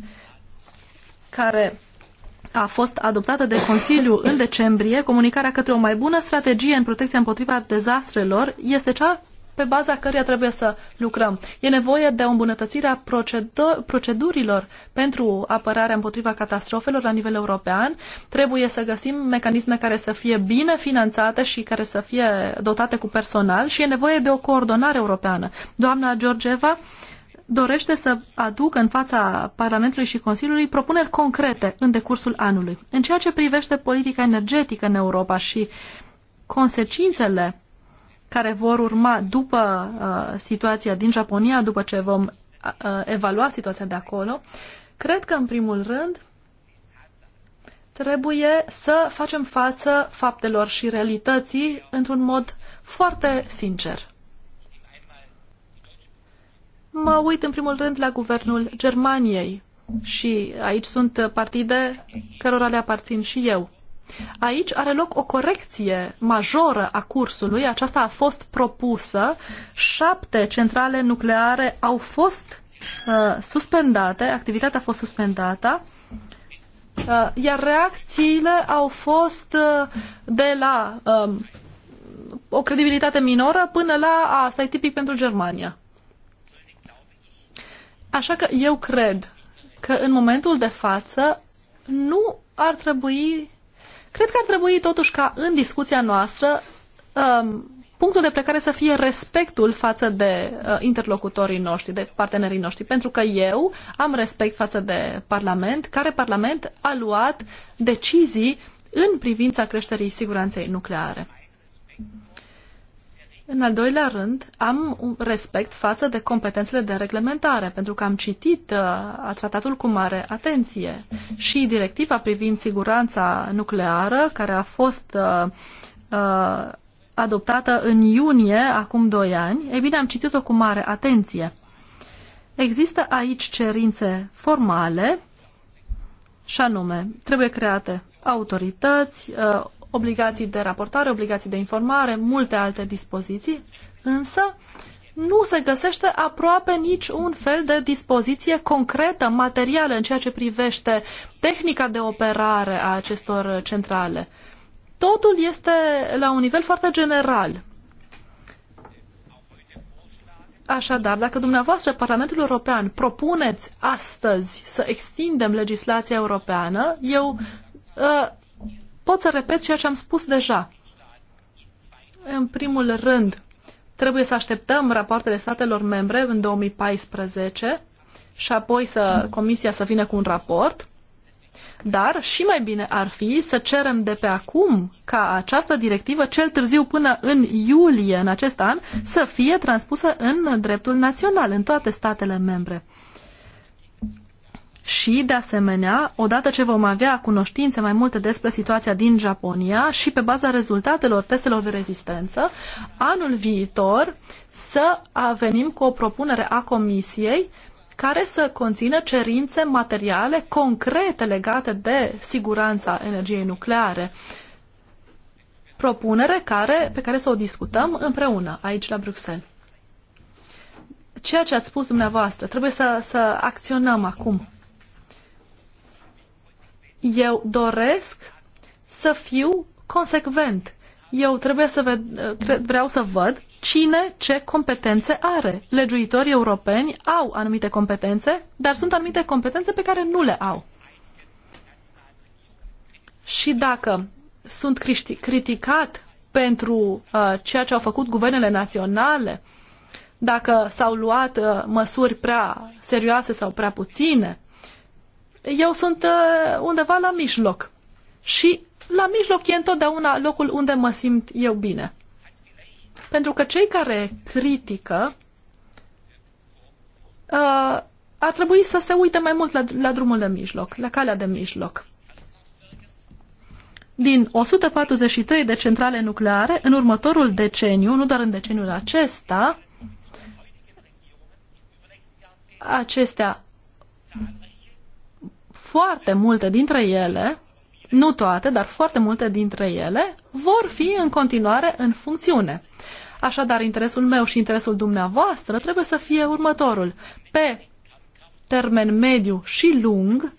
C: care a fost adoptată de Consiliu în decembrie, comunicarea către o mai bună strategie în protecția împotriva dezastrelor este cea pe baza căreia trebuie să lucrăm. E nevoie de o îmbunătățire a procedurilor pentru apărarea împotriva catastrofelor la nivel european. Trebuie să găsim mecanisme care să fie bine finanțate și care să fie dotate cu personal și e nevoie de o coordonare europeană. Doamna Georgeva dorește să aducă în fața Parlamentului și Consiliului propuneri concrete în decursul anului. În ceea ce privește politica energetică în Europa și consecințele care vor urma după uh, situația din Japonia, după ce vom uh, evalua situația de acolo, cred că, în primul rând, trebuie să facem față faptelor și realității într-un mod foarte sincer. Mă uit în primul rând la guvernul Germaniei și aici sunt partide cărora le aparțin și eu. Aici are loc o corecție majoră a cursului, aceasta a fost propusă, șapte centrale nucleare au fost uh, suspendate, activitatea a fost suspendată, uh, iar reacțiile au fost uh, de la uh, o credibilitate minoră până la asta e tipic pentru Germania. Așa că eu cred că în momentul de față nu ar trebui Cred că ar trebui totuși ca în discuția noastră um, punctul de plecare să fie respectul față de uh, interlocutorii noștri, de partenerii noștri, pentru că eu am respect față de Parlament, care Parlament a luat decizii în privința creșterii siguranței nucleare. În al doilea rând, am un respect față de competențele de reglementare, pentru că am citit uh, a tratatul cu mare atenție și directiva privind siguranța nucleară, care a fost uh, uh, adoptată în iunie, acum doi ani, e bine, am citit-o cu mare atenție. Există aici cerințe formale, și anume, trebuie create autorități, uh, obligații de raportare, obligații de informare, multe alte dispoziții, însă nu se găsește aproape nici un fel de dispoziție concretă, materială, în ceea ce privește tehnica de operare a acestor centrale. Totul este la un nivel foarte general. Așadar, dacă dumneavoastră, Parlamentul European, propuneți astăzi să extindem legislația europeană, eu uh, pot să repet ceea ce am spus deja. În primul rând, trebuie să așteptăm rapoartele statelor membre în 2014 și apoi să comisia să vină cu un raport. Dar și mai bine ar fi să cerem de pe acum ca această directivă, cel târziu până în iulie în acest an, să fie transpusă în dreptul național, în toate statele membre și, de asemenea, odată ce vom avea cunoștințe mai multe despre situația din Japonia și pe baza rezultatelor testelor de rezistență, anul viitor să venim cu o propunere a Comisiei care să conțină cerințe materiale concrete legate de siguranța energiei nucleare. Propunere care, pe care să o discutăm împreună aici la Bruxelles. Ceea ce ați spus dumneavoastră, trebuie să, să acționăm acum eu doresc să fiu consecvent. Eu trebuie să ved, vreau să văd cine ce competențe are. Legiuitorii europeni au anumite competențe, dar sunt anumite competențe pe care nu le au. Și dacă sunt criticat pentru uh, ceea ce au făcut guvernele naționale, dacă s-au luat uh, măsuri prea serioase sau prea puține, eu sunt uh, undeva la mijloc. Și la mijloc e întotdeauna locul unde mă simt eu bine. Pentru că cei care critică uh, ar trebui să se uite mai mult la, la drumul de mijloc, la calea de mijloc. Din 143 de centrale nucleare, în următorul deceniu, nu doar în deceniul acesta, acestea foarte multe dintre ele, nu toate, dar foarte multe dintre ele, vor fi în continuare în funcțiune. Așadar, interesul meu și interesul dumneavoastră trebuie să fie următorul. Pe termen mediu și lung,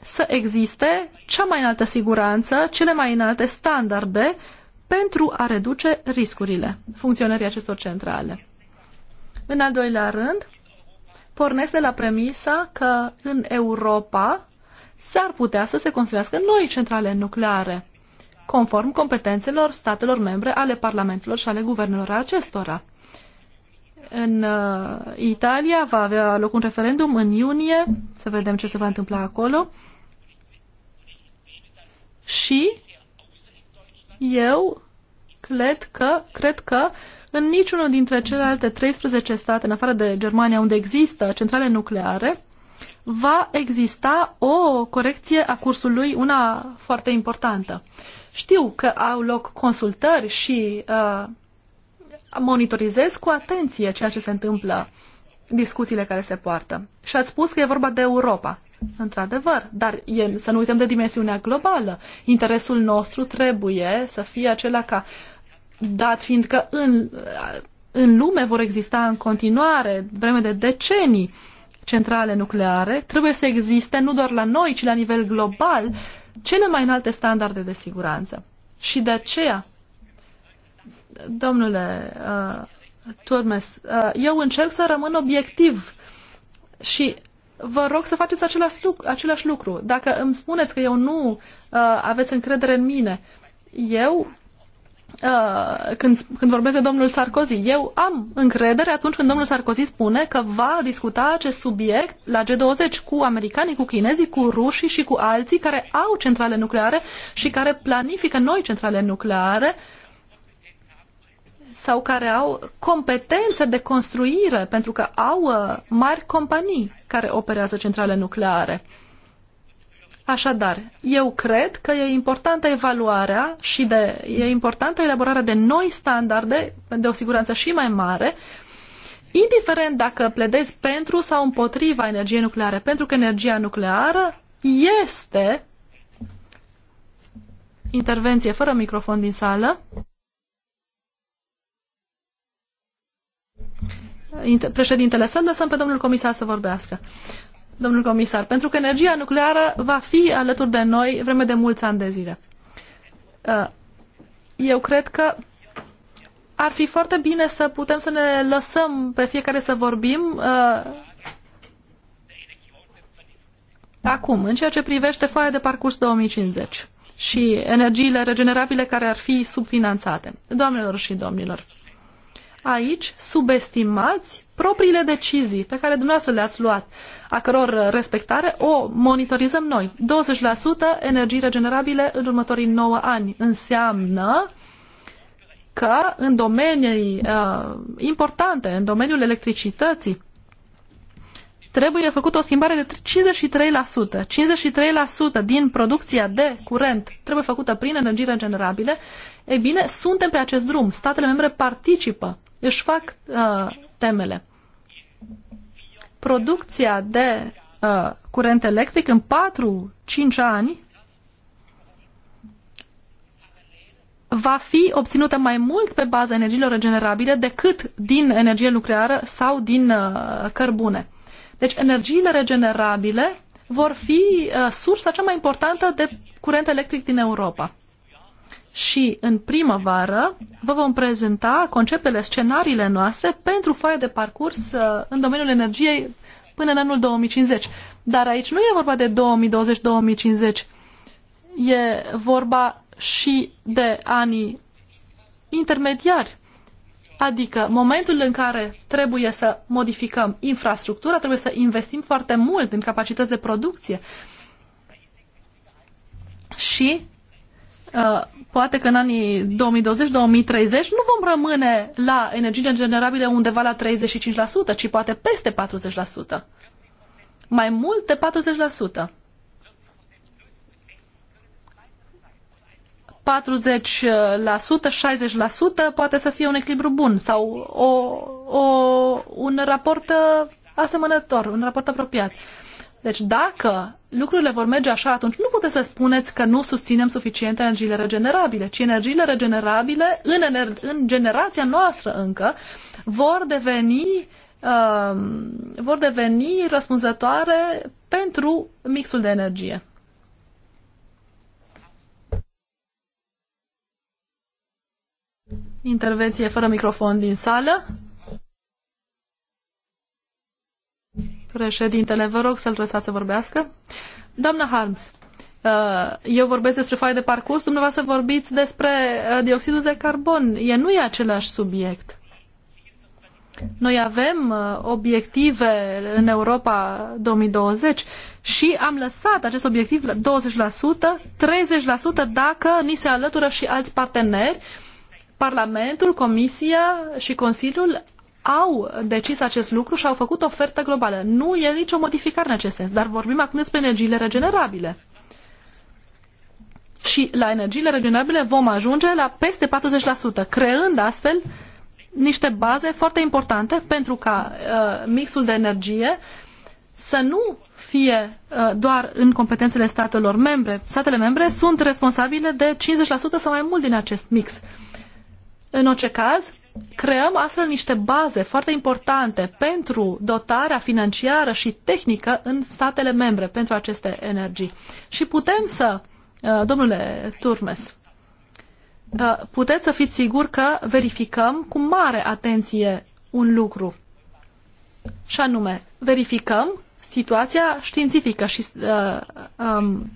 C: să existe cea mai înaltă siguranță, cele mai înalte standarde pentru a reduce riscurile funcționării acestor centrale. În al doilea rând, pornesc de la premisa că în Europa s-ar putea să se construiască noi centrale nucleare, conform competențelor statelor membre ale parlamentelor și ale guvernelor acestora. În uh, Italia va avea loc un referendum în iunie, să vedem ce se va întâmpla acolo. Și eu cred că, cred că în niciunul dintre celelalte 13 state, în afară de Germania, unde există centrale nucleare, va exista o corecție a cursului, una foarte importantă. Știu că au loc consultări și uh, monitorizez cu atenție ceea ce se întâmplă, discuțiile care se poartă. Și ați spus că e vorba de Europa. Într-adevăr, dar e, să nu uităm de dimensiunea globală. Interesul nostru trebuie să fie acela ca uh, dat fiindcă în, în lume vor exista în continuare, vreme de decenii, centrale nucleare, trebuie să existe nu doar la noi, ci la nivel global, cele mai înalte standarde de siguranță. Și de aceea, domnule uh, Turmes, uh, eu încerc să rămân obiectiv și vă rog să faceți același lucru. Același lucru. Dacă îmi spuneți că eu nu uh, aveți încredere în mine, eu Uh, când, când vorbesc de domnul Sarkozy. Eu am încredere atunci când domnul Sarkozy spune că va discuta acest subiect la G20 cu americanii, cu chinezii, cu rușii și cu alții care au centrale nucleare și care planifică noi centrale nucleare sau care au competențe de construire pentru că au uh, mari companii care operează centrale nucleare. Așadar, eu cred că e importantă evaluarea și de, e importantă elaborarea de noi standarde de o siguranță și mai mare, indiferent dacă pledezi pentru sau împotriva energiei nucleare, pentru că energia nucleară este intervenție fără microfon din sală. Președintele, să lăsăm pe domnul comisar să vorbească domnul comisar, pentru că energia nucleară va fi alături de noi vreme de mulți ani de zile. Uh, eu cred că ar fi foarte bine să putem să ne lăsăm pe fiecare să vorbim uh, acum, în ceea ce privește foaia de parcurs 2050 și energiile regenerabile care ar fi subfinanțate. Doamnelor și domnilor, aici subestimați propriile decizii pe care dumneavoastră le-ați luat a căror respectare o monitorizăm noi. 20% energii regenerabile în următorii 9 ani înseamnă că în domenii uh, importante, în domeniul electricității, trebuie făcută o schimbare de 53%. 53% din producția de curent trebuie făcută prin energii regenerabile. Ei bine, suntem pe acest drum. Statele membre participă, își fac uh, temele producția de uh, curent electric în 4-5 ani va fi obținută mai mult pe baza energiilor regenerabile decât din energie nucleară sau din uh, cărbune. Deci energiile regenerabile vor fi uh, sursa cea mai importantă de curent electric din Europa și în primăvară vă vom prezenta conceptele, scenariile noastre pentru foaia de parcurs uh, în domeniul energiei până în anul 2050. Dar aici nu e vorba de 2020-2050, e vorba și de anii intermediari. Adică momentul în care trebuie să modificăm infrastructura, trebuie să investim foarte mult în capacități de producție. Și Uh, poate că în anii 2020-2030 nu vom rămâne la energiile generabile undeva la 35%, ci poate peste 40%. Mai mult de 40%. 40%, 60% poate să fie un echilibru bun sau o, o, un raport asemănător, un raport apropiat. Deci dacă lucrurile vor merge așa, atunci nu puteți să spuneți că nu susținem suficient energiile regenerabile, ci energiile regenerabile în, ener- în generația noastră încă vor deveni, uh, vor deveni răspunzătoare pentru mixul de energie. Intervenție fără microfon din sală. Președintele, vă rog să-l lăsați să vorbească. Doamna Harms, uh, eu vorbesc despre foaie de parcurs, dumneavoastră vorbiți despre uh, dioxidul de carbon. E nu e același subiect. Noi avem uh, obiective în Europa 2020 și am lăsat acest obiectiv 20%, 30% dacă ni se alătură și alți parteneri. Parlamentul, Comisia și Consiliul au decis acest lucru și au făcut ofertă globală. Nu e nicio modificare în acest sens, dar vorbim acum despre energiile regenerabile. Și la energiile regenerabile vom ajunge la peste 40%, creând astfel niște baze foarte importante pentru ca uh, mixul de energie să nu fie uh, doar în competențele statelor membre. Statele membre sunt responsabile de 50% sau mai mult din acest mix. În orice caz, creăm astfel niște baze foarte importante pentru dotarea financiară și tehnică în statele membre pentru aceste energii. Și putem să, uh, domnule Turmes, uh, puteți să fiți sigur că verificăm cu mare atenție un lucru. Și anume, verificăm situația științifică și uh, um,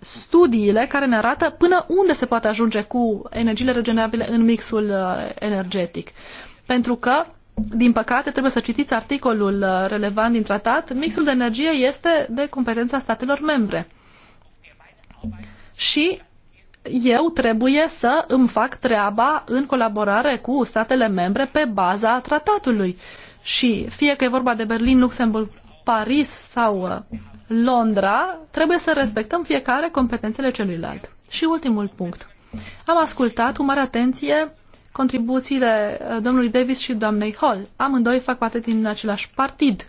C: studiile care ne arată până unde se poate ajunge cu energiile regenerabile în mixul uh, energetic. Pentru că, din păcate, trebuie să citiți articolul uh, relevant din tratat, mixul de energie este de competența statelor membre. Și eu trebuie să îmi fac treaba în colaborare cu statele membre pe baza tratatului. Și fie că e vorba de Berlin, Luxemburg, Paris sau uh, Londra, trebuie să respectăm fiecare competențele celuilalt. Și ultimul punct. Am ascultat cu mare atenție contribuțiile uh, domnului Davis și doamnei Hall. Amândoi fac parte din același partid,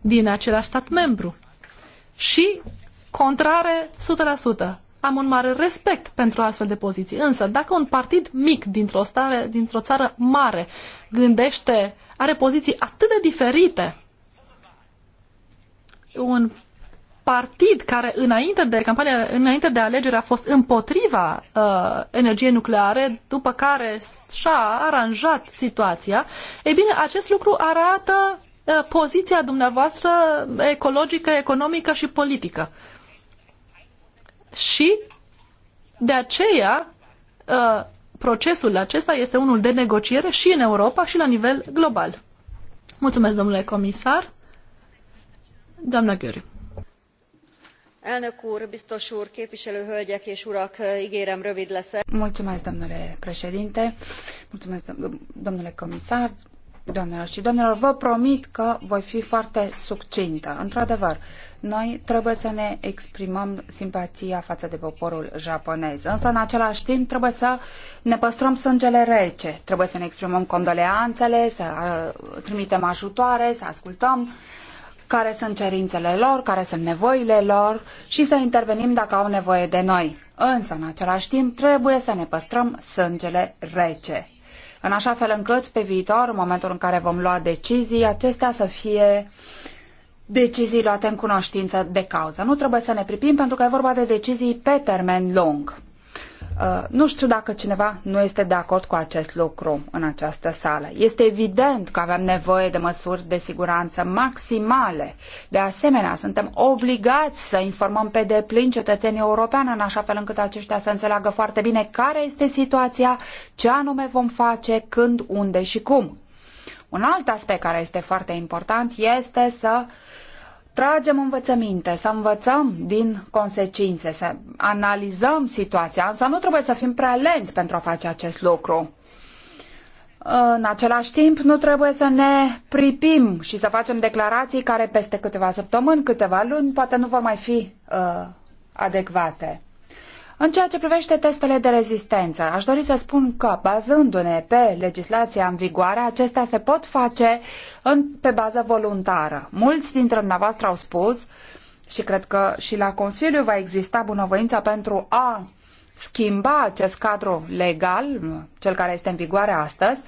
C: din același stat membru. Și contrare 100%. Am un mare respect pentru astfel de poziții. Însă, dacă un partid mic dintr-o, stare, dintr-o țară mare gândește, are poziții atât de diferite, un partid care înainte de campania, înainte de alegeri a fost împotriva uh, energiei nucleare, după care și-a aranjat situația, e bine, acest lucru arată uh, poziția dumneavoastră ecologică, economică și politică. Și de aceea uh, procesul acesta este unul de negociere și în Europa și la nivel global. Mulțumesc, domnule comisar. Doamna Gheorghe
A: elnök úr biztos úr képviselő hölgyek és urak
B: gérem
D: rövid leszek.
B: mulțumesc domnule președinte mulțumesc domnule comisar doamnelor și domnilor vă promit că voi fi foarte succintă. într adevăr noi trebuie să ne exprimăm simpatia față de poporul japonez însă în același timp trebuie să ne păstrăm sângele rece trebuie să ne exprimăm condoleanțele să trimitem ajutoare să ascultăm care sunt cerințele lor, care sunt nevoile lor și să intervenim dacă au nevoie de noi. Însă, în același timp, trebuie să ne păstrăm sângele rece, în așa fel încât pe viitor, în momentul în care vom lua decizii, acestea să fie decizii luate în cunoștință de cauză. Nu trebuie să ne pripim pentru că e vorba de decizii pe termen lung. Uh, nu știu dacă cineva nu este de acord cu acest lucru în această sală. Este evident că avem nevoie de măsuri de siguranță maximale. De asemenea, suntem obligați să informăm pe deplin cetățenii europeni în așa fel încât aceștia să înțeleagă foarte bine care este situația, ce anume vom face, când, unde și cum. Un alt aspect care este foarte important este să uh, tragem învățăminte, să învățăm din consecințe, să analizăm situația, însă nu trebuie să fim prea lenți pentru a face acest lucru. În același timp, nu trebuie să ne pripim și să facem declarații care peste câteva săptămâni, câteva luni, poate nu vor mai fi uh, adecvate. În ceea ce privește testele de rezistență, aș dori să spun că, bazându-ne pe legislația în vigoare, acestea se pot face în, pe bază voluntară. Mulți dintre dumneavoastră au spus și cred că și la Consiliu va exista bunăvoința pentru a schimba acest cadru legal, cel care este în vigoare astăzi,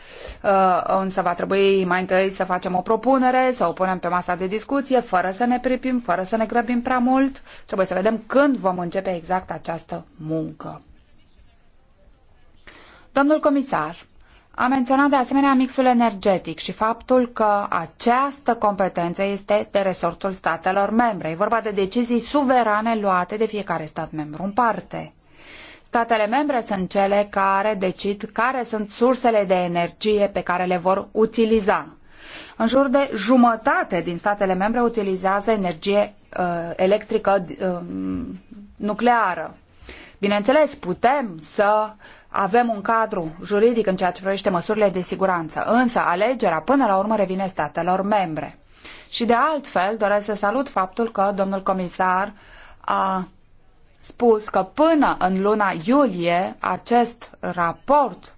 B: uh, însă va trebui mai întâi să facem o propunere, să o punem pe masa de discuție, fără să ne pripim, fără să ne grăbim prea mult. Trebuie să vedem când vom începe exact această muncă. Domnul comisar, a menționat de asemenea mixul energetic și faptul că această competență este de resortul statelor membre. E vorba de decizii suverane luate de fiecare stat membru în parte. Statele membre sunt cele care decid care sunt sursele de energie pe care le vor utiliza. În jur de jumătate din statele membre utilizează energie uh, electrică uh, nucleară. Bineînțeles, putem să avem un cadru juridic în ceea ce privește măsurile de siguranță, însă alegerea până la urmă revine statelor membre. Și de altfel doresc să salut faptul că domnul comisar a spus că până în luna iulie acest raport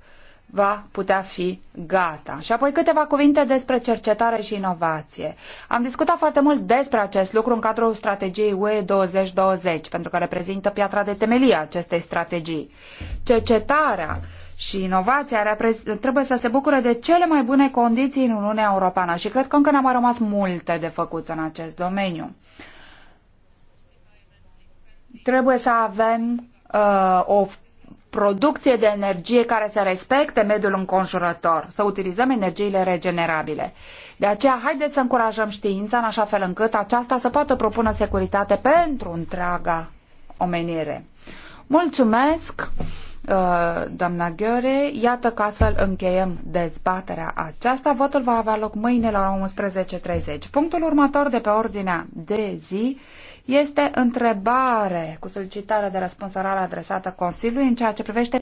B: va putea fi gata. Și apoi câteva cuvinte despre cercetare și inovație. Am discutat foarte mult despre acest lucru în cadrul strategiei UE 2020, pentru că reprezintă piatra de temelie a acestei strategii. Cercetarea și inovația trebuie să se bucure de cele mai bune condiții în Uniunea Europeană și cred că încă ne-am mai rămas multe de făcut în acest domeniu. Trebuie să avem uh, o producție de energie care să respecte mediul înconjurător, să utilizăm energiile regenerabile. De aceea, haideți să încurajăm știința în așa fel încât aceasta să poată propună securitate pentru întreaga omenire. Mulțumesc, uh, doamna Gheore. Iată că astfel încheiem dezbaterea aceasta. Votul va avea loc mâine la 11.30. Punctul următor de pe ordinea de zi este întrebare cu solicitare de răspunsărare adresată Consiliului în ceea ce privește